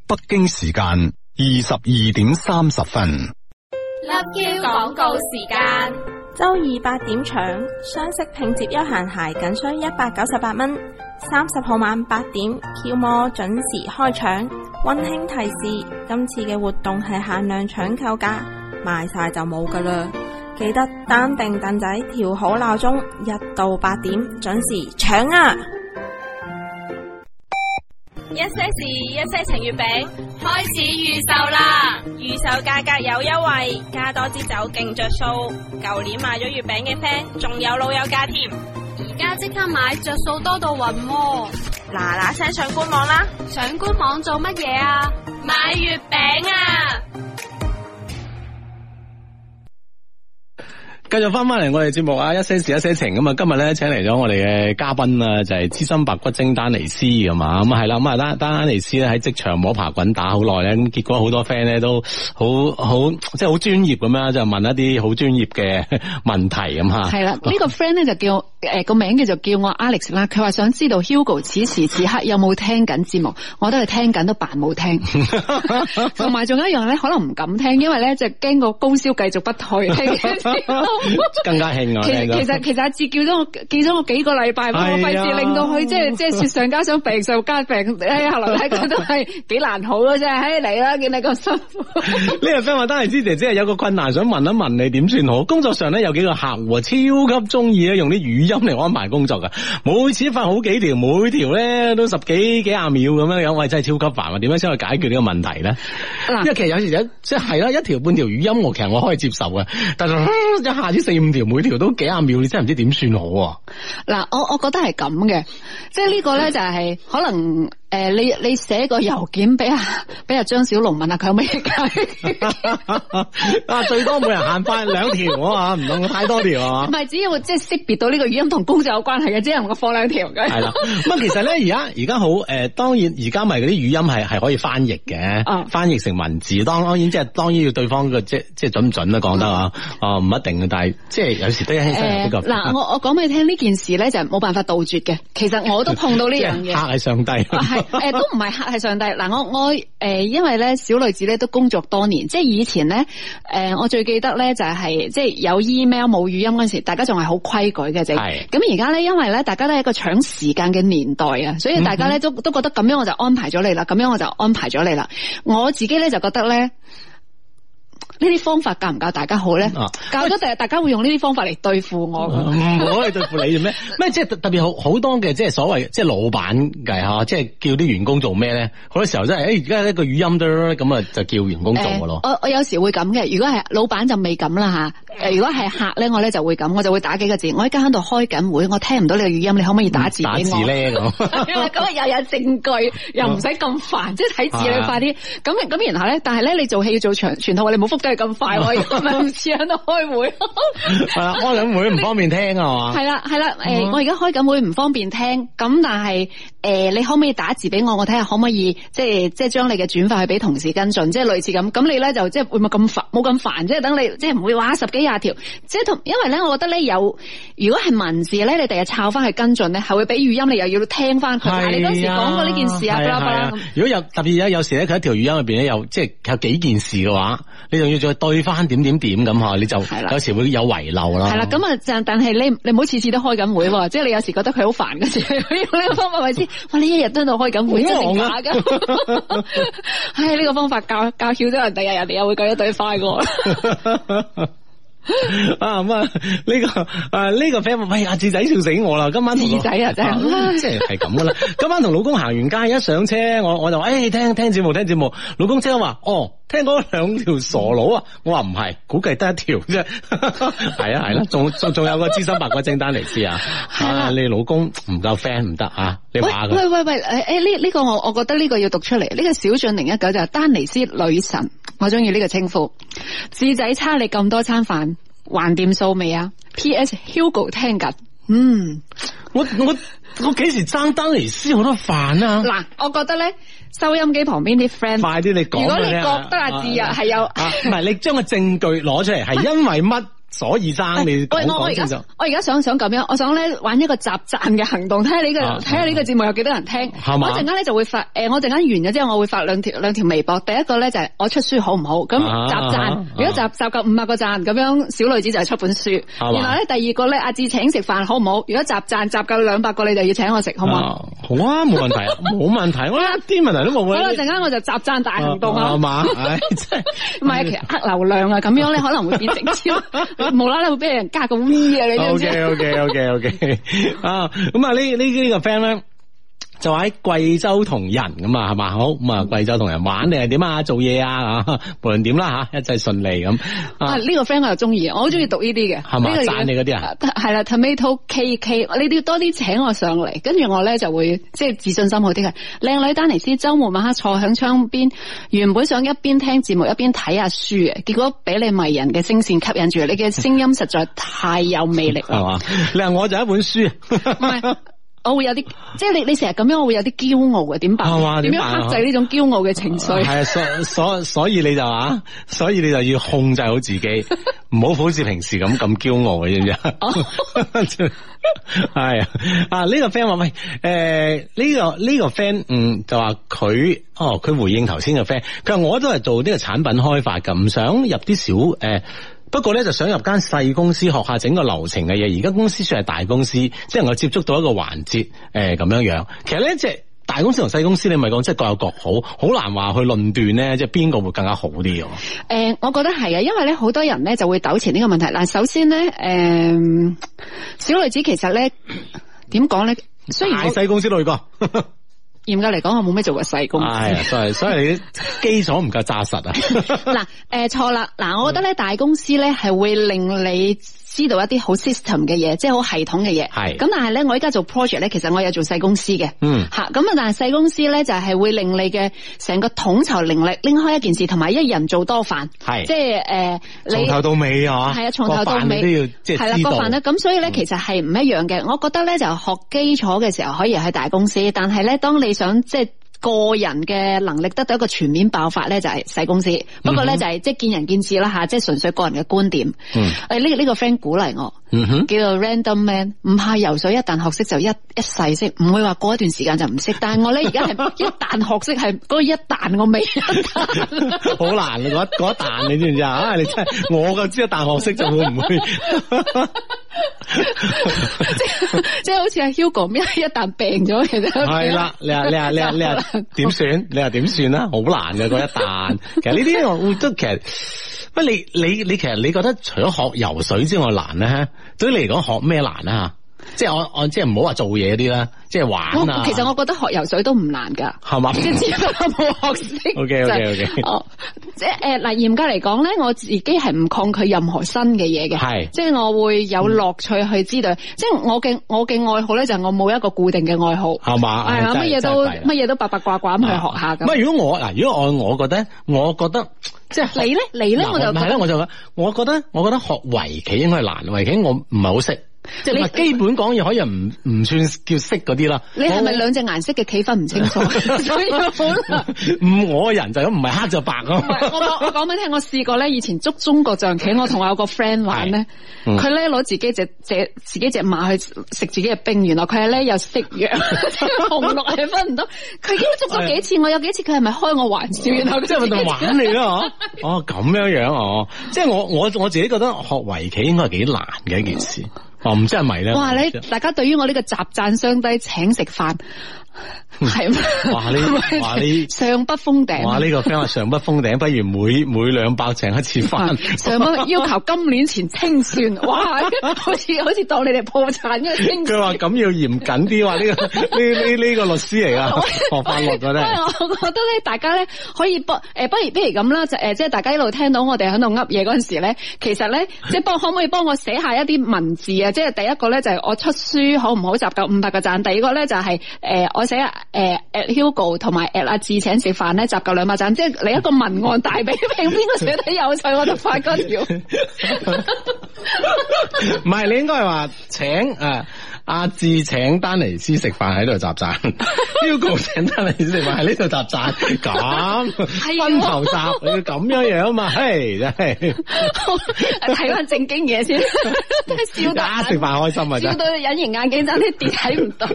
北京時間二十二點三十分。Love You 廣告時間。週二八點搶雙色拼接休閒鞋，僅需一百九十八蚊。三十號晚八點，票摩準時開搶。溫馨提示：今次嘅活動係限量搶購價，賣晒就冇噶啦！記得單定凳仔，調好鬧鐘，一到八點準時搶啊！一些事，一些情，月餅開始預售啦！預售價格有優惠，加多支酒勁着數。舊年買咗月餅嘅 friend，仲有老友價添。即刻買着數多到暈喎，嗱嗱聲上官網啦！上官網做乜嘢啊？買月餅啊！繼續翻翻嚟我哋節目啊，一些事，一些情咁啊，今日咧請嚟咗我哋嘅嘉賓啊，就係、是、資深白骨精丹尼斯啊嘛，咁啊係啦，咁啊丹丹尼斯咧喺職場摸爬滾打好耐咧，咁結果好多 friend 咧都好好即係好專業咁樣，就問一啲好專業嘅問題咁啊。係啦，呢、這個 friend 咧就， [LAUGHS] 就叫我誒個名叫做叫我 Alex 啦，佢話想知道 Hugo 此時此刻有冇聽緊節目？我都係聽緊都扮冇聽，同埋仲有一樣咧，可能唔敢聽，因為咧就驚個高燒繼續不退。 [LAUGHS] [LAUGHS] 更加氣外、啊，其實其實，其實阿志叫咗我，叫咗我幾個禮拜、啊，我費事令到佢即係即係雪上加霜，病上加病。喺、 [LAUGHS] 哎、後嚟咧，覺得係幾難好囉，即係喺你啦，見你咁辛苦。呢個 friend 話當然知，姐姐係有個困難，想問一問你點算好？工作上咧有幾個客戶超級中意咧，用啲語音嚟安排工作噶，每次發好幾條，每條咧都十幾幾廿秒咁樣樣，我、哎、真係超級煩啊！點樣先可以解決呢個問題咧？嗱、嗯，因為其實有時即係係啦，一條半條語音我其實我可以接受噶，但係、嗯啲四五條每條都幾廿秒，你真係唔知點算好啊！嗱，我我覺得係咁嘅，即係呢個咧就係可能。誒、呃，你你寫個郵件俾下俾阿張小龍問下佢有咩計？啊，啊有 [LAUGHS] 最多每人限翻兩條啊，唔通太多條啊？唔係，只要即係識別到呢個語音同工作有關係嘅，只能夠放兩條嘅。係啦，咁其實咧而家而家好，誒，當然而家咪嗰啲語音係係可以翻譯嘅，翻譯成文字。當當然即係當然要對方嘅即準即係準唔準啦？講得啊、嗯，哦唔一定嘅，但係即係有時得一啲。誒、呃，嗱，我我講俾你聽呢件事咧就冇辦法杜絕嘅。其實我都碰到呢樣嘢。客係上帝。啊誒，都唔係客係上帝嗱。我我誒，因為咧小女子咧都工作多年，即係以前咧，誒，我最記得咧就係即係有 email 冇語音嗰陣時，大家仲係好規矩嘅啫。咁而家咧，因為咧，大家都係一個搶時間嘅年代啊，所以大家咧都都覺得咁樣我就安排咗你啦，咁、嗯、樣我就安排咗你啦。我自己咧就覺得咧。呢啲方法教唔教大家好咧、啊？教咗成日，大家會用呢啲方法嚟對付我的、啊。唔 [LAUGHS] 可以對付你嘅咩？咩即係特特別好好多嘅即係所謂即係老闆計下，即係叫啲員工做咩咧？好多時候真、就、係、是，而家一個語音哆哆咁啊，就叫員工做嘅咯、欸。我有時候會咁嘅，如果係老闆就未咁啦吓。如果係客咧，我咧就會咁，我就會打幾個字。我而家喺度開緊會，我聽唔到你嘅語音，你可唔可以打字俾我打字咧咁。咁 [LAUGHS] [LAUGHS] 又有證據，又唔使咁煩，即係睇字啦，快、啊、啲。咁咁然後咧，但係咧你做戲要做全全套，你冇覆係咁快喎，唔似喺度開會。係啊，開緊會唔方便聽啊嘛。係啦係啦，誒，我而家開緊會唔方便聽，咁但係誒、呃，你可唔可以打字俾我，我睇下，可唔可以即係即係將你嘅轉發去俾同事跟進，即係類似咁。咁你咧就即係會唔會咁煩，冇咁煩，即係等你即係唔會話十幾廿條。即係同因為咧，我覺得咧有，如果係文字咧，你第日抄翻去跟進咧，係會俾語音你又要聽翻佢。啊、但你當時講過呢件事啊，啊 blah, 如果有特別而家有時咧，佢一條語音入邊咧有即係、就是、有幾件事嘅話，你仲要。再對翻點點點咁吓，你就有時會有遺漏啦。係啦，咁啊，但係係你你唔好次次都開緊會， [LAUGHS] 即係你有時覺得佢好煩嘅時候，用呢個方法咪先？哇！你一日都喺度開緊會，真定假噶？ [LAUGHS] 唉，呢、這個方法教教曉咗人，第日人哋又會舉一隊快過。啊咁啊，呢、這個啊呢個喂阿志仔笑死我啦！今晚志仔啊，啊真啊，即係係咁噶啦！今晚同老公行完街，一上車我我就誒、哎、聽聽節目聽節目，老公即刻話哦。聽講兩條傻佬 [LAUGHS] 啊，我話唔係，估計得一條啫。係啊，係啦，仲仲仲有個資深白骨精丹、丹尼斯啊，啊啊你老公唔夠 friend 唔得啊，你話佢？喂喂喂，誒誒，呢、這、呢個我我覺得呢個要讀出嚟，呢、這個小俊零一九就係丹尼斯女神，我中意呢個稱呼。智仔差你咁多餐飯，還掂數未啊？P.S. Hugo 聽緊。嗯，我我我幾時爭丹尼斯好多飯啊？嗱，我覺得咧，收音機旁邊啲 friend，快啲你講，如果你覺得阿志啊係、啊、有啊，唔係你將個證據攞出嚟，係 [LAUGHS] 因為乜？所以爭你，我我而家我而家想想咁樣，我想咧玩一個集讚嘅行動，睇下呢個睇下呢個節目有幾多人聽，我陣間咧就會發，誒我陣間完咗之後我會發兩條兩條微博，第一個咧就係我出書好唔好？咁集讚，啊啊，如果集集夠五百個讚咁樣，小女子就係出本書。然後咧第二個咧，阿志請食飯好唔好？如果集讚集夠兩百個，你就要請我食，好唔好，啊？好啊，冇問題，冇 [LAUGHS] 問題， [LAUGHS] 我一啲問題都冇。好啦，陣間我就集讚大行動啊，好，啊、嘛？唔，啊、係，啊啊， [LAUGHS] 其實吸流量啊，咁樣咧可能會變成 [LAUGHS] 我無啦啦會俾人加個 V 啊！你都知。ok ok ok ok 啊，咁啊呢呢呢個 friend 咧。就話喺貴州同人咁啊，係嘛？好咁啊，貴州同人玩定係點啊？做嘢啊？無論點啦吓，一切順利咁。啊，呢、啊這個 friend 我中意，我好中意讀呢啲嘅，係嘛？讚、這個、你嗰啲啊？係啦，Tomato KK，你哋多啲請我上嚟，跟住我咧就會即係自信心好啲嘅。靚女丹尼斯，周末晚黑坐響窗邊，原本想一邊聽節目一邊睇下書嘅，結果俾你迷人嘅聲線吸引住，你嘅聲音實在太有魅力啦。係 [LAUGHS] 嘛？你話我就係一本書。 [LAUGHS] 我會有啲，即係你你成日咁樣，我會有啲驕傲嘅，點辦？點樣克制呢種驕傲嘅情緒？係、哦、啊，啊啊所所所以你就話，所以你就要控制好自己，唔好好似平時咁咁驕傲嘅，知唔知啊？係 [LAUGHS] [LAUGHS] 啊，啊呢、這個 friend 話喂，誒、呃、呢、這個呢、這個 friend 嗯就話佢哦佢回應頭先個 friend，佢話我都係做呢個產品開發嘅，唔想入啲小誒。呃不過咧就想入間細公司學下整個流程嘅嘢，而家公司算係大公司，即係能夠接觸到一個環節，誒咁樣樣。其實咧即係大公司同細公司，你咪講即係各有各好，好難話去論斷咧，即係邊個會更加好啲。誒、呃，我覺得係啊，因為咧好多人咧就會糾纏呢個問題。嗱，首先咧，誒、呃，小女子其實咧點講咧，雖然係細公司嚟個。 [LAUGHS] 嚴格嚟講，我冇咩做過細工，啊，係，啊，所以所以你基礎唔夠紮實啊， [LAUGHS] 啊。嗱、呃，誒，錯啦，嗱，我覺得咧大公司咧係會令你。知道一啲好 system 嘅嘢，即係好系統嘅嘢。係咁，但係咧，我而家做 project 咧，其實我有做細公司嘅。嗯，吓咁啊，但係細公司咧就係會令你嘅成個統籌能力拎開一件事，同埋一人做多瓣，係即係誒，呃、從頭到尾啊，係啊，從頭到尾都要即係。係啦，個瓣咧，咁所以咧，其實係唔一樣嘅，嗯。我覺得咧，就學基礎嘅時候可以喺大公司，但係咧，當你想即係。個人嘅能力得到一個全面爆發咧，就係細公司。不過咧就係即係見仁見智啦吓，即係純粹個人嘅觀點。誒呢呢個 friend 鼓勵我、嗯哼，叫做 random man，唔怕游水，一旦學識就一一世識，唔會話過一段時間就唔識。但 [LAUGHS] 係我咧而家係一旦學識係嗰一旦我未。好 [LAUGHS] 難，嗰一一旦你知唔知啊？你真係我嘅知一旦學識就會唔會。 [LAUGHS] 即係即係，就是，好似阿 Hugo 咩一旦病咗嘅啫。係 [LAUGHS] 啦，你啊，你啊，你啊，你啊，點算？你啊，點算啦？好難嘅嗰一旦。其實呢啲我會都其實，喂你你你，其實你，你覺得除咗學游水之外難咧？對於你嚟講，學咩難啊？即係我，我，即係唔好話做嘢啲啦，即係玩、啊、其實我覺得學游水都唔難噶，係嘛？你即係，知我冇學識？O K O K O K 哦，即係誒嗱，嚴、呃、格嚟講咧，我自己係唔抗拒任何新嘅嘢嘅，係即係我會有樂趣去知道、嗯。即係我嘅我嘅愛好咧，就係我冇一個固定嘅愛好，係嘛？係啊，乜嘢都乜嘢都八八卦卦咁去學下咁。唔係如果我嗱，如果我如果我覺得，我覺得即係你咧，你咧我就唔係咧，我就，覺得，我就覺得，我覺得我覺得，我覺得學圍棋應該係難，圍棋我唔係好識。即係你基本講嘢可以唔唔算叫識嗰啲啦。你係咪兩隻顏色嘅棋分唔清楚？ [LAUGHS] 所以我唔我人就咁唔係黑就白咯。我我講俾你聽，我試過咧，以前捉中國象棋，我同我有個 friend 玩咧，佢咧攞自己隻隻自己隻馬去食自己嘅兵。原來佢係咧又色弱， [LAUGHS] [LAUGHS] 紅綠係分唔到。佢已經捉咗幾次，我有幾次佢係咪開我玩笑？然後即係喺度玩你咯， [LAUGHS] 哦咁樣樣哦，即係我我我自己覺得學圍棋應該係幾難嘅一件事。 [LAUGHS] 哦，唔知係咪咧。哇！你大家對於我呢個集讚相低請食飯。係嘛？哇呢哇呢，上不封頂。話呢個 friend 話上不封頂，不如每每兩百層一次返。上要求今年前清算。哇！ [LAUGHS] 好似好似當你哋破產咁樣一。佢話咁要嚴謹啲，話呢個呢呢呢個律師嚟㗎，學法律嗰啲。 [LAUGHS] 我，我， [LAUGHS] 我覺得咧，大家咧可以幫誒，不如不如咁啦，誒，即係大家一路聽到我哋喺度噏嘢嗰陣時咧，其實咧即幫可唔可以幫我寫下一啲文字啊？即、就、係、是、第一個咧就係我出書好唔好，好集夠五百個讚，第二個咧就係、是、誒、呃、我。寫誒誒 Hugo 同埋阿志請食飯咧集夠兩百讚，即係你一個文案大比拼，邊 [LAUGHS] 個寫得有趣我就發嗰條 [LAUGHS] [LAUGHS] 唔係你應該係話請、uh, 啊阿志請丹尼斯食飯喺度集讚，Hugo 請丹尼斯食飯喺呢度集讚，咁、 [LAUGHS] 啊、分頭集咁 [LAUGHS] 樣樣嘛，嘿、hey, 真係。睇翻正經嘢先，笑大家食飯開心啊，笑到隱形眼鏡真啲跌睇唔到。 [LAUGHS]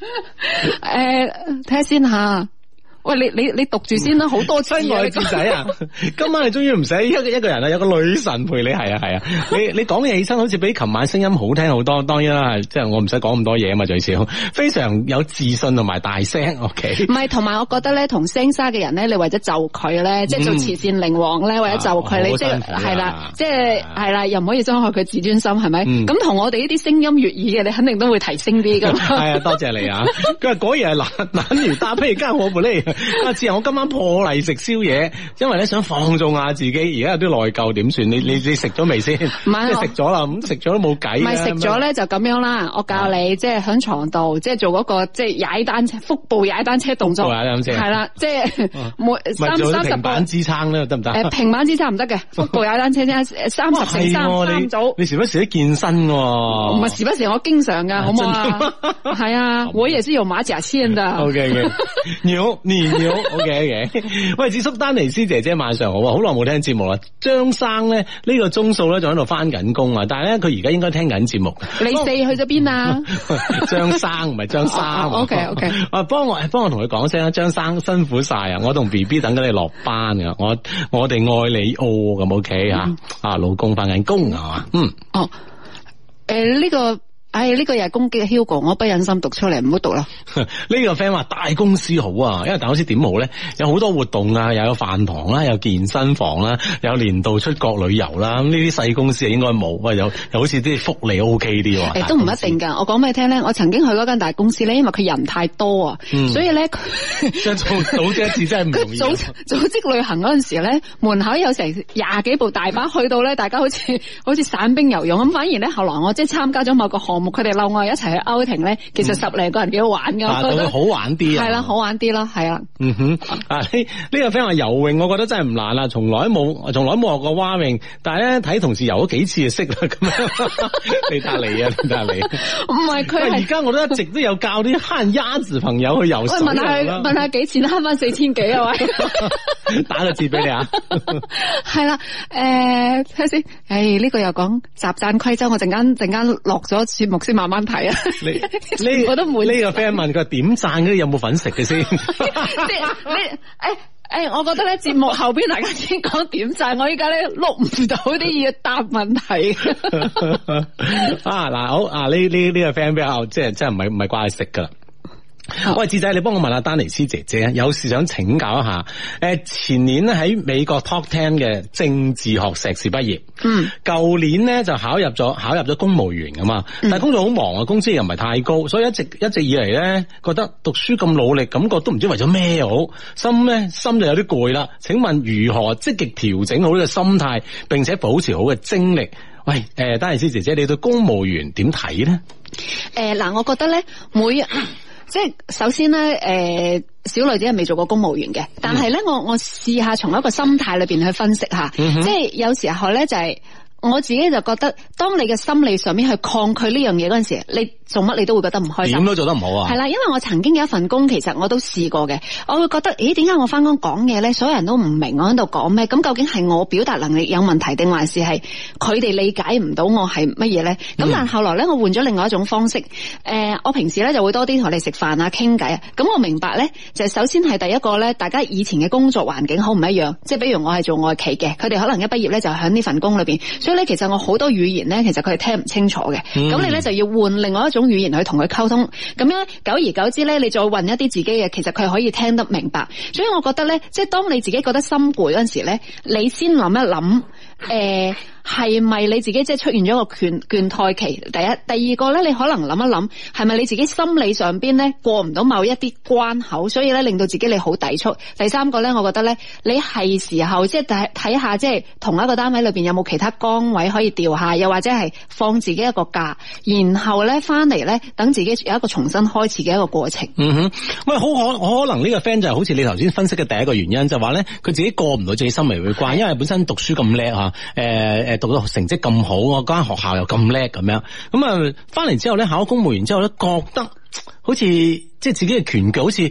誒，睇下先吓。喂，你你你，你讀住先啦，好多親愛嘅仔啊！ [LAUGHS] 今晚你終於唔使一一個人啊，有個女神陪你係啊係啊！你你講嘢起身好似比琴晚聲音好聽好多，當然啦，即、就、係、是、我唔使講咁多嘢啊嘛，最少非常有自信同埋大聲。O K，唔係同埋我覺得咧，同聲沙嘅人咧，你為咗就佢咧，即、嗯、係、就是、做慈善靈王咧，為咗就佢、啊，你即係係啦，即係係啦，又唔可以傷害佢自尊心，係咪？咁、嗯、同我哋呢啲聲音悅耳嘅，你肯定都會提升啲噶。係 [LAUGHS] 啊，多謝，謝你啊！佢話果然係懶懶如搭如加我唔理。阿智我今晚破例食宵夜，因為咧想放縱下自己，而家有啲內疚，點算？你你你食咗未先？唔係，即係食咗啦。咁食咗都冇計。唔係食咗咧就咁樣啦、啊。我教你，即係喺床度，即、就、係、是、做嗰、那個即係、就是、踩單車、腹部踩單車動作。部踩單車係啦，即係每三十，唔係做平板支撐咧，得唔得？誒、啊，平板支撐唔得嘅，腹部踩單車先、 [LAUGHS] 啊，三十三，組。你時不時都健身㗎、啊？唔係時不時我經常噶，好唔好啊？係 [LAUGHS] 啊，我也是有馬甲線的。OK OK， [LAUGHS] 好 [LAUGHS] OK OK，喂，子叔丹尼斯姐姐晚上好，啊，好耐冇聽節目啦。張生咧呢個鐘數咧就喺度翻緊工啊，但係咧佢而家應該聽緊節目。你四去咗邊啊？張生唔係張生。o k [LAUGHS] OK，啊、okay.，幫我幫我同佢講聲啊。張生辛苦晒啊，我同 B B 等緊你落班啊，我我哋愛你哦咁 OK 吓、嗯、啊，老公翻緊工係嘛？嗯，哦，誒、呃、呢、這個。哎，呢、這個又係攻擊嘅 Hugo，我不忍心讀出嚟，唔好讀啦。呢、這個 friend 話大公司好啊，因為大公司點好咧？有好多活動啊，又有飯堂啦，又有健身房啦，又有年度出國旅遊啦。咁呢啲細公司啊，應該冇喂，有，有好似啲福利 OK 啲。誒，都唔一定噶。我講俾你聽咧，我曾經去嗰間大公司咧，因為佢人太多啊、嗯，所以咧， [LAUGHS] 組組織一次真係唔易。組組織旅行嗰陣時咧， [LAUGHS] 門口有成廿幾部 [LAUGHS] 大巴去到咧，大家好似好似散兵游勇咁。反而咧，後來我即係參加咗某個項目。佢哋留我一齊去歐庭咧，其實十零個人幾、嗯啊、好玩噶、啊，好玩啲，係啦，好玩啲咯，係啊。嗯哼，啊呢呢、呢個 friend 話游泳，我覺得真係唔難啦，從來冇，從來冇學過蛙泳，但係咧睇同事游咗幾次就識啦。咁你答你啊，你答你。唔係佢係而家，哦、他現在我都一直都有教啲慳鴨子朋友去游水啦。問下問下幾錢慳翻四千幾啊位？喂 [LAUGHS] 打個字俾你啊！係 [LAUGHS] 啦，誒、呃、睇下先，誒、哎、呢、這個又講集贊規則，我陣間陣間落咗節目先慢慢睇啊。你，我都唔會。呢個 friend 問佢點贊啲有冇粉食嘅先。即係你誒誒，我覺得咧節目後邊大家先講點贊，我依家咧錄唔到啲嘢答問題。啊嗱好啊，呢呢呢個 friend 比較即係真唔係唔係掛係食噶。 [LAUGHS] 哦、喂，志仔，你幫我問下丹尼斯姐姐，有事想請教一下。誒，前年咧喺美國 Top Ten 嘅政治學碩士畢業，嗯，舊年咧就考入咗，考入咗公務員噶嘛，但係工作好忙啊，工資又唔係太高，所以一直一直以嚟咧，覺得讀書咁努力，感覺都唔知為咗咩好，心咧心就有啲攰啦。請問如何積極調整好呢個心態，並且保持好嘅精力？喂，誒，丹尼斯姐姐，你對公務員點睇咧？誒，嗱，我覺得咧，每。即係首先咧，誒，小女仔係未做過公務員嘅，但係咧，我我試下從一個心態裏邊去分析下，嗯、即係有時候咧就係、是。我自己就覺得，當你嘅心理上面去抗拒呢樣嘢嗰陣時，你做乜你都會覺得唔開心。點都做得唔好啊。係啦，因為我曾經有一份工，其實我都試過嘅。我會覺得，咦，點解我翻工講嘢呢？所有人都唔明我喺度講咩？咁究竟係我表達能力有問題，定還是係佢哋理解唔到我係乜嘢呢？咁、嗯、但後來呢，我換咗另外一種方式。誒、呃，我平時呢就會多啲同你食飯啊、傾偈啊。咁我明白呢，就係、首先係第一個呢，大家以前嘅工作環境好唔一樣。即係比如我係做外企嘅，佢哋可能一畢業呢就喺呢份工裏邊。所以咧，其實我好多語言咧，其實佢係聽唔清楚嘅。咁、嗯、你咧就要換另外一種語言去同佢溝通。咁樣久而久之咧，你再換一啲自己嘅，其實佢可以聽得明白。所以，我覺得咧，即係當你自己覺得心攰嗰陣時咧，你先諗一諗，欸係咪你自己即係出現咗個倦倦怠期？第一、第二個咧，你可能諗一諗，係咪你自己心理上邊咧過唔到某一啲關口，所以咧令到自己你好抵觸。第三個咧，我覺得咧，你係時候即係睇睇下，即係同一個單位裏邊有冇其他崗位可以調下，又或者係放自己一個假，然後咧翻嚟咧等自己有一個重新開始嘅一個過程。嗯哼，喂，好可我可能呢個 friend 就係好似你頭先分析嘅第一個原因，就話咧佢自己過唔到自己心理會關，因為本身讀書咁叻吓，誒、呃。呃讀到成績咁好啊，嗰間學校又咁叻咁樣，咁啊翻嚟之後咧，考咗公務員之後咧，覺得好似即係自己嘅拳腳好似。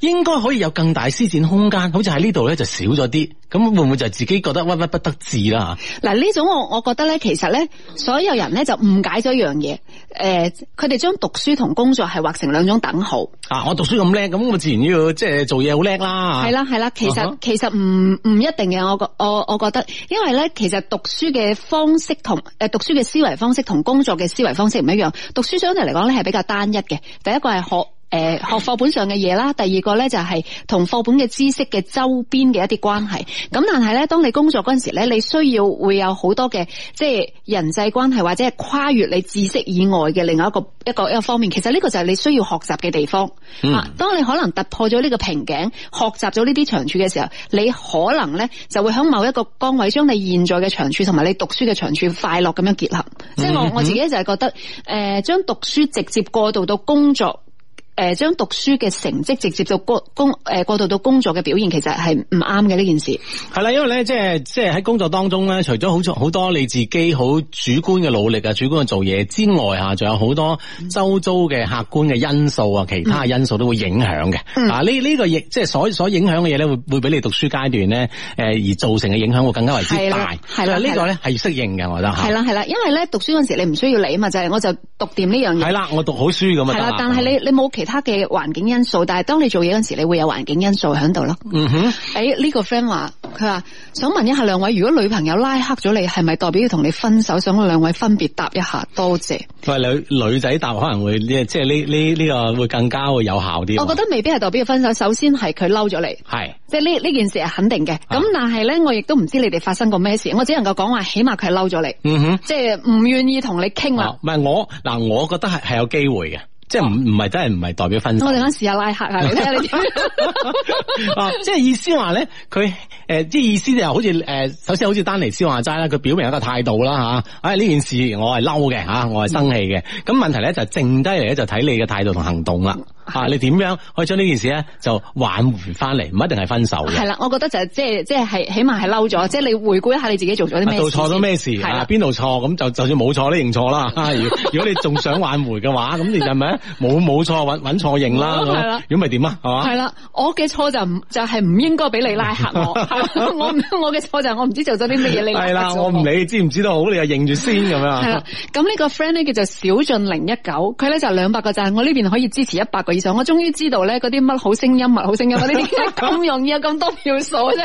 應該可以有更大施展空間，好似喺呢度咧就少咗啲，咁會唔會就自己覺得屈屈不得志啦？嗱，呢種我我覺得咧，其實咧，所有人咧就誤解咗一樣嘢，誒、呃，佢哋將讀書同工作係畫成兩種等號。啊，我讀書咁叻，咁我自然要即係、呃、做嘢好叻啦。係啦係啦，其實、uh -huh. 其實唔唔一定嘅，我我我覺得，因為咧，其實讀書嘅方式同誒讀書嘅思維方式同工作嘅思維方式唔一樣，讀書相對嚟講咧係比較單一嘅，第一個係學。誒，學課本上嘅嘢啦。第二個呢，就係同課本嘅知識嘅周邊嘅一啲關係。咁但係呢，當你工作嗰陣時呢，你需要會有好多嘅即係人際關係或者係跨越你知識以外嘅另外一個一個一個方面。其實呢個就係你需要學習嘅地方。當、嗯、當你可能突破咗呢個瓶頸，學習咗呢啲長處嘅時候，你可能呢就會響某一個崗位將你現在嘅長處同埋你讀書嘅長處快樂咁樣結合。即係我我自己就係覺得，誒，將讀書直接過渡到工作。誒，將讀書嘅成績直接到過工誒，過渡到工作嘅表現，其實係唔啱嘅呢件事。係啦，因為咧，即係即係喺工作當中咧，除咗好好多你自己好主觀嘅努力啊，主觀嘅做嘢之外，吓，仲有好多周遭嘅客觀嘅因素啊，嗯、其他嘅因素都會影響嘅。嗯、啊，呢、這、呢個即係所所影響嘅嘢咧，會會比你讀書階段咧誒而造成嘅影響會更加為之大。係啦，係啦，呢個咧係適應嘅，我覺得是。係啦係啦，因為咧讀書嗰陣時候你唔需要理啊嘛，就係、是、我就讀掂呢樣嘢。係啦，我讀好書咁嘛。但係你你冇其他。其他嘅環境因素，但係當你做嘢嗰時，你會有環境因素喺度咯。嗯哼，誒呢個 friend 話，佢話想問一下兩位，如果女朋友拉黑咗你，係咪代表要同你分手？想兩位分別答一下，多謝。喂，女女仔答可能會，即係呢呢呢個會更加會有效啲。我覺得未必係代表要分手，首先係佢嬲咗你，係即係呢呢件事係肯定嘅。咁、啊、但係咧，我亦都唔知你哋發生過咩事，我只能夠講話起碼佢係嬲咗你。嗯哼，即係唔願意同你傾啦。唔係我嗱，我覺得係係有機會嘅。即係唔唔係真係唔係代表分手，我哋嗰時又拉客係咪咧？ [LAUGHS] 你睇你 [LAUGHS] 啊，即係意思話咧，佢誒，即、呃、係意思就係好似誒、呃，首先好似丹尼斯話齋啦，佢表明一個態度啦吓，呢、啊啊、件事我係嬲嘅吓，我係生氣嘅，咁、嗯、問題咧就剩低嚟咧就睇你嘅態度同行動啦。嗯啊！你點樣可以將呢件事咧就挽回翻嚟？唔一定係分手嘅。係啦，我覺得就係即係即係，起碼係嬲咗。即係你回顧一下你自己做咗啲咩？做錯咗咩事啊？邊度錯？咁就就算冇錯都認錯啦。 [LAUGHS] 如果你仲想挽回嘅話，咁你係咪冇冇錯揾揾錯認啦？如果咪點啊？係嘛？係啦，我嘅錯就唔就係唔應該俾你拉黑我。我我嘅錯就我唔知做咗啲乜嘢。你係啦，我唔理，知唔知道好？你就認住先咁樣。係啦，咁呢 [LAUGHS] 個 friend 咧叫做小俊零一九，佢咧就兩百個讚，我呢邊可以支持一百個。其實我終於知道咧，嗰啲乜好聲音、乜好聲音嗰啲咁容易有咁多票數啫！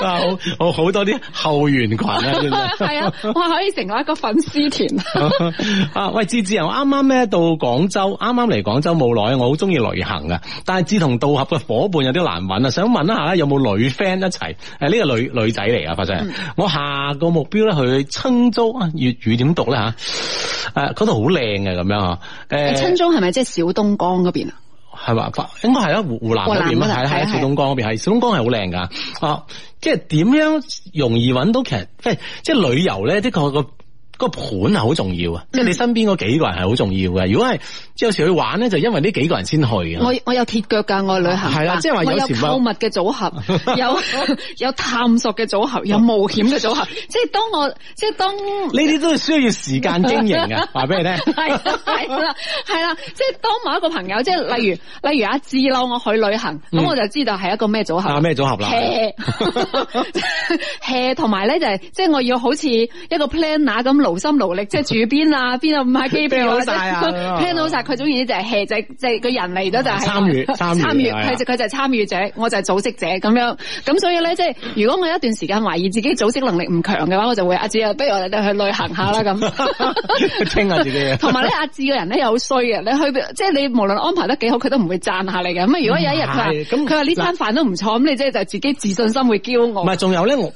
[LAUGHS] [LAUGHS] [LAUGHS] 啊，好好好多啲後援群啊，係啊，我可以成為一個粉絲團 [LAUGHS] 啊！喂，志志，我啱啱咧到廣州，啱啱嚟廣州冇耐，我好中意旅行噶，但係志同道合嘅伙伴有啲難揾啊，想問一下咧，有、呃、冇女 friend 一齊？誒，呢個女女仔嚟噶，發姐、嗯，我下個目標咧去欽州啊，粵語點讀咧吓？誒，嗰度好靚嘅咁樣啊！誒，欽、啊啊、州係咪即係小東江嗰邊啊？係嘛？應該係啦，湖湖南嗰邊啦，係啦。小東江嗰邊，係小東江係好靚噶，啊，即係點樣容易揾到，其實即係即係旅遊咧，的確個。個盤係好重要啊、嗯，即係你身邊嗰幾個人係好重要嘅。如果係即有時去玩咧，就因為呢幾個人先去嘅。我我有鐵腳噶，我旅行係啦，即係話有購物嘅組合， [LAUGHS] 有有探索嘅組合，有冒險嘅組合。 [LAUGHS] 即係當我即係當呢啲都需要時間經營嘅，話 [LAUGHS] 俾訴你聽。係啦係啦，即係當某一個朋友，即係例如例如，例如阿智嘍我去旅行，咁、嗯、我就知道係一個咩組合咩、啊、組合啦。係啦同埋咧就係即係我要好似一個 planner 咁勞心勞力，即、就、係、是、住邊啦，邊度唔買機票啊？聽到晒啊！聽到晒，佢中意就係斜仔，即係個人嚟咗就參與參與，佢、啊、就佢就係參與者，我就係組織者咁樣。咁所以咧，即、就、係、是、如果我有一段時間懷疑自己組織能力唔強嘅話，我就會阿志啊，不如我哋去旅行下啦咁。稱 [LAUGHS] 下自己，同埋咧阿志嘅人咧又好衰嘅，你去即係、就是、你無論安排得幾好，佢都唔會讚下你嘅。咁如果有一日佢話呢餐飯都唔錯，咁你即係就自己自信心會驕傲。唔係，仲有咧，我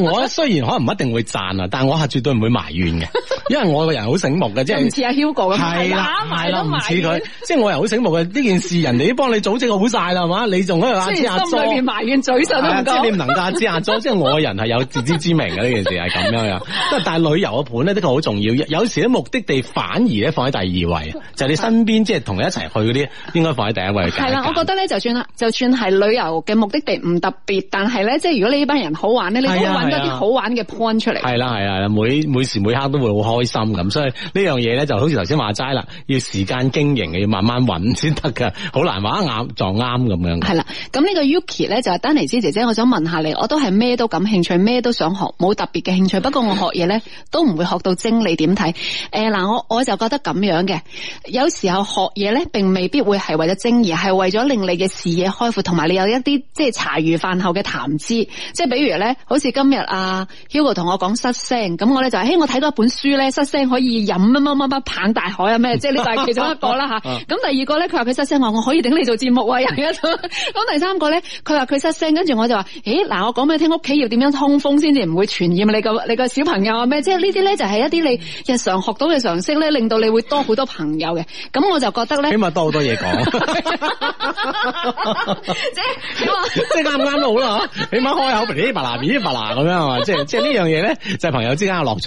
我雖然可能唔一定會讚啊， [LAUGHS] 但我係絕對唔會埋怨。 [LAUGHS] 因為我個人好醒目嘅，即係唔似阿 Hugo 噶，係啦，係啦，唔似佢。即係我又好醒目嘅呢件事，人哋都幫你組織好晒啦，係 [LAUGHS] 嘛、啊？你仲喺度話知阿莊，連埋怨嘴上都唔知。嗯、你唔能夠知阿莊，即、啊、係、啊呃呃呃、 [LAUGHS] 我人係有自知之明嘅呢件事係咁樣樣。但係旅遊嘅盤呢，的確好重要，有時目的地反而咧放喺第二位，就係、是，你身邊即係同你一齊去嗰啲，應該放喺第一位。係 [LAUGHS] 啦，我覺得咧就算就算係旅遊嘅目的地唔特別，但係咧即係如果你呢班人好玩咧，你都搵到啲好玩嘅 point 出嚟。係啦係啦係啦，每每時每。他都會好開心咁，所以呢樣嘢咧就好似頭先話齋啦，要時間經營嘅，要慢慢揾先得噶，好難話啱撞啱咁樣。係啦，咁呢，這個 Yuki 咧就係丹尼絲姐姐，我想問下你，我都係咩都感興趣，咩都想學，冇特別嘅興趣。不過我學嘢咧都唔會學到精理，你點睇？誒、呃、嗱，我我就覺得咁樣嘅，有時候學嘢咧並未必會係為咗精，而係為咗令你嘅視野開闊，同埋你有一啲即係茶餘飯後嘅談資。即係比如咧，好似今日啊 Hugo 同我講失聲，咁我咧就係，嘿，我睇到。一本書咧失聲可以飲乜乜乜乜棒大海啊咩？即係呢，係其中一個啦吓。咁第二個咧，佢話佢失聲，話我可以頂你做節目啊。咁第三個咧，佢話佢失聲，跟住我就話，誒嗱，我講俾你聽，屋企要點樣通風先至唔會傳染你個你個小朋友啊咩？即係呢啲咧就係一啲你日常學到嘅常識咧，令到你會多好多朋友嘅。咁 [LAUGHS] 我就覺得咧，起碼多好多嘢講 [LAUGHS] [LAUGHS] [LAUGHS] 起 [LAUGHS] 即。 [LAUGHS] 即係， [LAUGHS] 即係啱唔啱都好啦。起碼開口噼裏啪啦噼裏啪啦咁樣啊嘛。即係即係呢樣嘢咧，就係朋友之間嘅樂趣，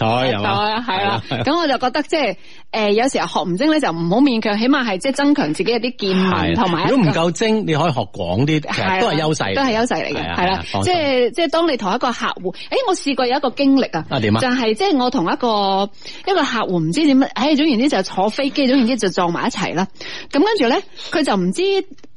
係啊，係啊。咁我就覺得即係誒，有時候學唔精咧就唔好勉強，起碼係即係增強自己一啲見聞同埋。如果唔夠精，你可以學廣啲，即係，都係優勢，都係優勢嚟嘅。係啦，即係即係當你同一個客戶，誒、欸，我試過有一個經歷啊，就係即係我同一個一個客戶唔知點樣，誒，總言之就坐飛機，總言之就撞埋一齊啦。咁跟住咧，佢就唔知。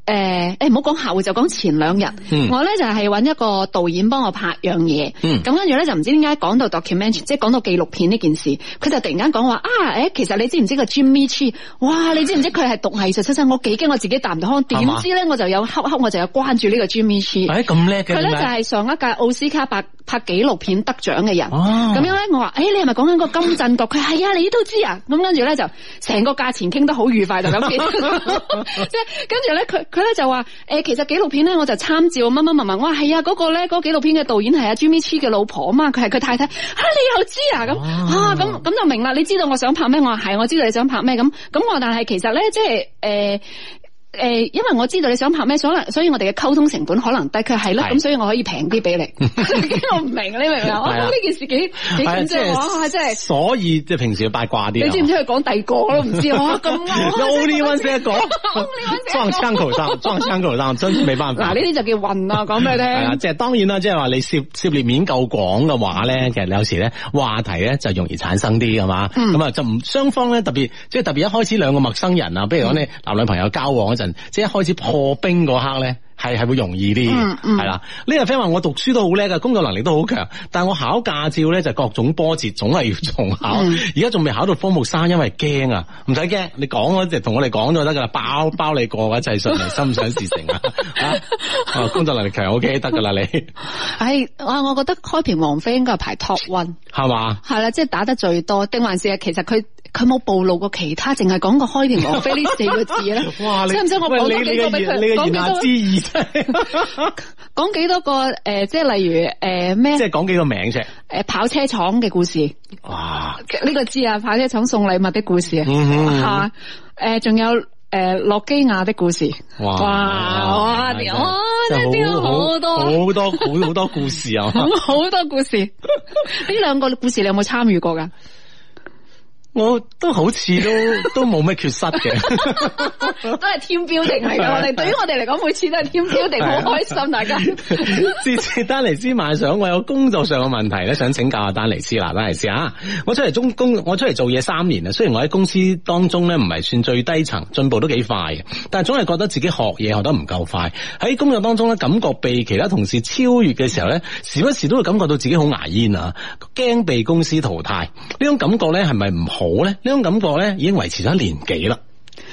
誒、欸，誒唔好講客戶，就講前兩日，嗯，我咧就係、是、搵一個導演幫我拍樣嘢，咁跟住咧就唔知點解講到 document，即係講到紀錄片呢件事，佢、嗯、就，就突然間講話啊，誒，其實你知唔知個 Jimmy Chin？哇，你知唔知佢係讀藝術出身？ [LAUGHS] 我幾驚我自己答唔到康，點知咧我，我就有，刻刻我就有關注個 Jimmy Chin、哎、呢個 Jimmy Chin 誒，咁叻嘅，佢咧就係、是、上一屆奧斯卡白。拍紀錄片得獎嘅人，咁樣咧，我話，誒，你係咪講緊個金振國？佢係啊，你都知啊。咁跟住咧，就成個價錢傾得好愉快，就咁、是、傾。即係跟住咧，佢佢咧就話，誒，其實紀錄片咧，我就參照乜乜乜乜。我話係啊，嗰、那個咧，嗰、那個、紀錄片嘅導演係阿 Jimmy Tree 嘅老婆嘛，佢係佢太太。嚇、啊，你又知、哦、啊？咁啊，咁咁就明啦。你知道我想拍咩？我話係、嗯，我知道你想拍咩咁。咁我但係其實咧，即係誒。誒，因為我知道你想拍咩，所以所以我哋嘅溝通成本可能低，佢係咯，咁所以我可以平啲俾你。 [LAUGHS] 我唔明你明唔明、啊、我諗呢件事幾幾正啊！哇，真係。所以即係、啊、平時要八卦啲、啊。你知唔知佢講第二個？我 [LAUGHS] 唔知啊，咁啱、啊。Only one 先一個。Only one 真係冇辦法。嗱呢啲就叫運 [LAUGHS] 啊！講咩你係當即係當然啦，即係話你涉涉獵面夠廣嘅話咧，其實有時咧話題咧就容易產生啲係嘛，咁啊就唔雙方咧特別即係特別一開始兩個陌生人啊，不如講你男女朋友交往即係開始破冰嗰刻咧，係係會容易啲，係、嗯、啦。呢個 friend 話我讀書都好叻嘅，工作能力都好強，但係我考駕照咧就是、各種波折，總係要重考。而家仲未考到科目三，因為驚啊，唔使驚，你講，即係同我哋講咗得噶啦，包包你過嘅，一切順利 [LAUGHS] 心想事成啊。哦， [LAUGHS] [LAUGHS] 工作能力強，O K 得噶啦你、哎。係我我覺得開片王妃應該係排 top one，係嘛？係啦，即係、就是、打得最多，定還是其實佢。佢冇暴露過其他，淨係講過開條黃飛呢四個字咧。哇！你唔使我講多幾字？你個言，你個言下之意，講幾多個誒、 [LAUGHS] 呃？即係例如誒咩、呃？即係講幾個名啫？誒、呃，跑車廠嘅故事。哇！呢、這個知啊，跑車廠送禮物的故事、嗯嗯、啊。吓、呃、誒，仲有誒，諾、呃、基亞的故事。哇！哇！哇！真係好多好多好好多故事啊！好多, [LAUGHS] 多故事，呢兩個故事 [LAUGHS] 你有冇參與過噶？我都好似都都冇咩缺失嘅， [LAUGHS] 都係 team building 嚟噶。我哋對於我哋嚟講，每次都係 team building，好開心。大家次次 [LAUGHS] 丹尼斯埋上，我有工作上嘅問題咧，想請教下丹尼斯啦，丹尼斯吓，我出嚟中工，我出嚟做嘢三年啊，雖然我喺公司當中咧，唔係算最低層，進步都幾快嘅，但係總係覺得自己學嘢學得唔夠快。喺工作當中咧，感覺被其他同事超越嘅時候咧，時不時都會感覺到自己好牙煙啊，驚被公司淘汰。呢種感覺咧，係咪唔好？冇咧，呢種感覺咧，已經維持咗一年幾啦。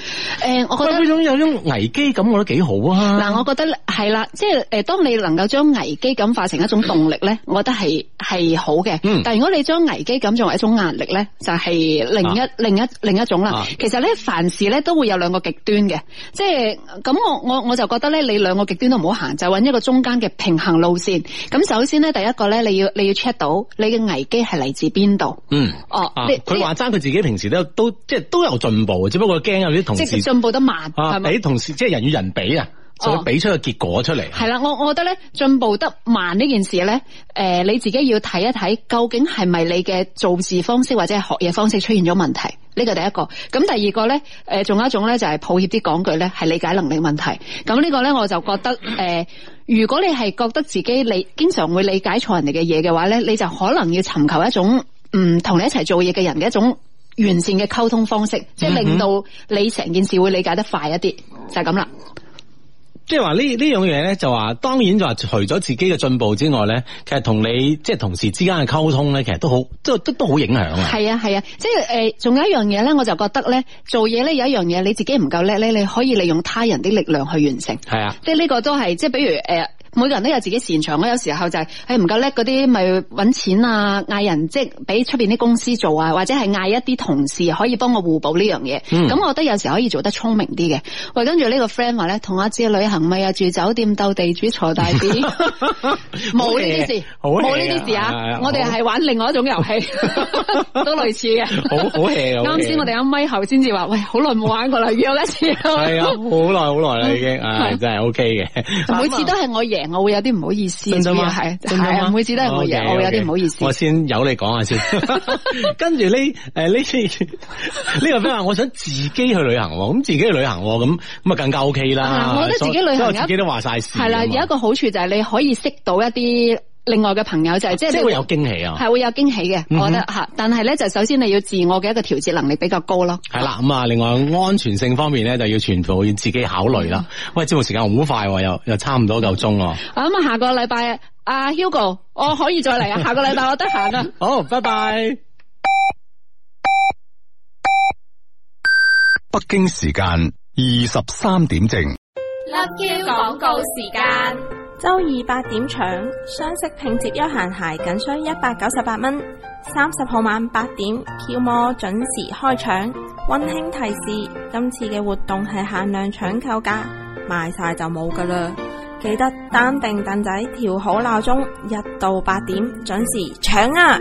誒、呃，我覺得呢種有種危機感，我、啊，我覺得幾好啊。嗱，我覺得係啦，即係誒，當你能夠將危機感化成一種動力咧、嗯，我覺得係係好嘅。但係如果你將危機感作為一種壓力咧，就係、是、另一、啊、另一另一，另一種啦、啊。其實咧，凡事咧都會有兩個極端嘅，即係咁。我我我就覺得咧，你兩個極端都唔好行，就揾一個中間嘅平衡路線。咁首先咧，第一個咧，你要你要 check 到你嘅危機係嚟自邊度。嗯。哦。佢話齋，佢自己平時都都即係都有進步，只不過驚有啲。即係進步得慢，係、啊、咪？比同事即係人與人比啊，就會比出個結果出嚟。係、哦、啦，我我覺得咧，進步得慢呢件事咧，誒，你自己要睇一睇，究竟係咪你嘅做事方式或者係學嘢方式出現咗問題？呢、這個第一個。咁第二個咧，誒，仲有一種咧，就係抱歉啲講句咧，係理解能力問題。咁、這、呢個咧，我就覺得，誒，如果你係覺得自己你經常會理解錯人哋嘅嘢嘅話咧，你就可能要尋求一種，唔同你一齊做嘢嘅人嘅一種。完善嘅溝通方式，即係令到你成件事會理解得快一啲，就係咁啦。即係話呢呢樣嘢咧，就話當然就話除咗自己嘅進步之外咧，其實同你即係同事之間嘅溝通咧，其實都好，都都都好影響啊。係啊係啊，即係誒，仲、呃、有一樣嘢咧，我就覺得咧，做嘢咧有一樣嘢，你自己唔夠叻咧，你可以利用他人的力量去完成。係啊，即係呢個都係，即係比如誒。呃每個人都有自己擅長，我有時候就係唔夠叻嗰啲，咪、欸、揾錢啊，嗌人即係俾出邊啲公司做啊，或者係嗌一啲同事可以幫我互補呢樣嘢。咁、嗯、我覺得有時可以做得聰明啲嘅。喂，跟住呢個 friend 話咧，同阿志旅行咪又住酒店鬥地主、坐大啲，冇呢啲事，冇呢啲事啊！ [LAUGHS] 些事 [LAUGHS] 我哋係玩另外一種遊戲， [LAUGHS] 都類似嘅。 [LAUGHS] [LAUGHS] [LAUGHS] 好啱先 [LAUGHS] [LAUGHS] [LAUGHS] 我哋啱咪，咪後先至話，喂，好耐冇玩過啦，約一次。係啊，好耐好耐啦已經， [LAUGHS] 啊、真係 OK 嘅。 [LAUGHS] 每次都係我贏。 [LAUGHS] 我會有啲唔好意思，係係啊，每次都係冇贏，okay, okay. 我會有啲唔好意思。我先由你講下先， [LAUGHS] [LAUGHS] 跟住呢誒呢次呢個咩話？ [LAUGHS] [LAUGHS] 我想自己去旅行，咁自己去旅行咁咁啊更加 OK 啦。我覺得自己旅行，我自己都話晒事係啦。有一個好處就係你可以識到一啲。另外嘅朋友就係、是啊、即係，係會有驚喜啊！係會有驚喜嘅、嗯，我覺得吓。但係咧就首先你要自我嘅一個調節能力比較高咯。係、嗯、啦，咁啊，另外安全性方面咧就要全部要自己考慮啦、嗯。喂，節目時間好快，又又差唔多夠鐘哦。咁、嗯、啊，下個禮拜啊，阿 Hugo，我可以再嚟啊。下個禮拜我得閒啊。 [LAUGHS] 好，拜拜。北京時間二十三點正。Love Q 廣告時間。周二八點搶，雙色拼接休閒鞋僅需一百九十八蚊。三十號晚八點，票務準時開搶。溫馨提示：今次嘅活動係限量搶購價，賣晒就冇噶啦。記得單定凳仔，調好鬧鐘，一到八點準時搶啊！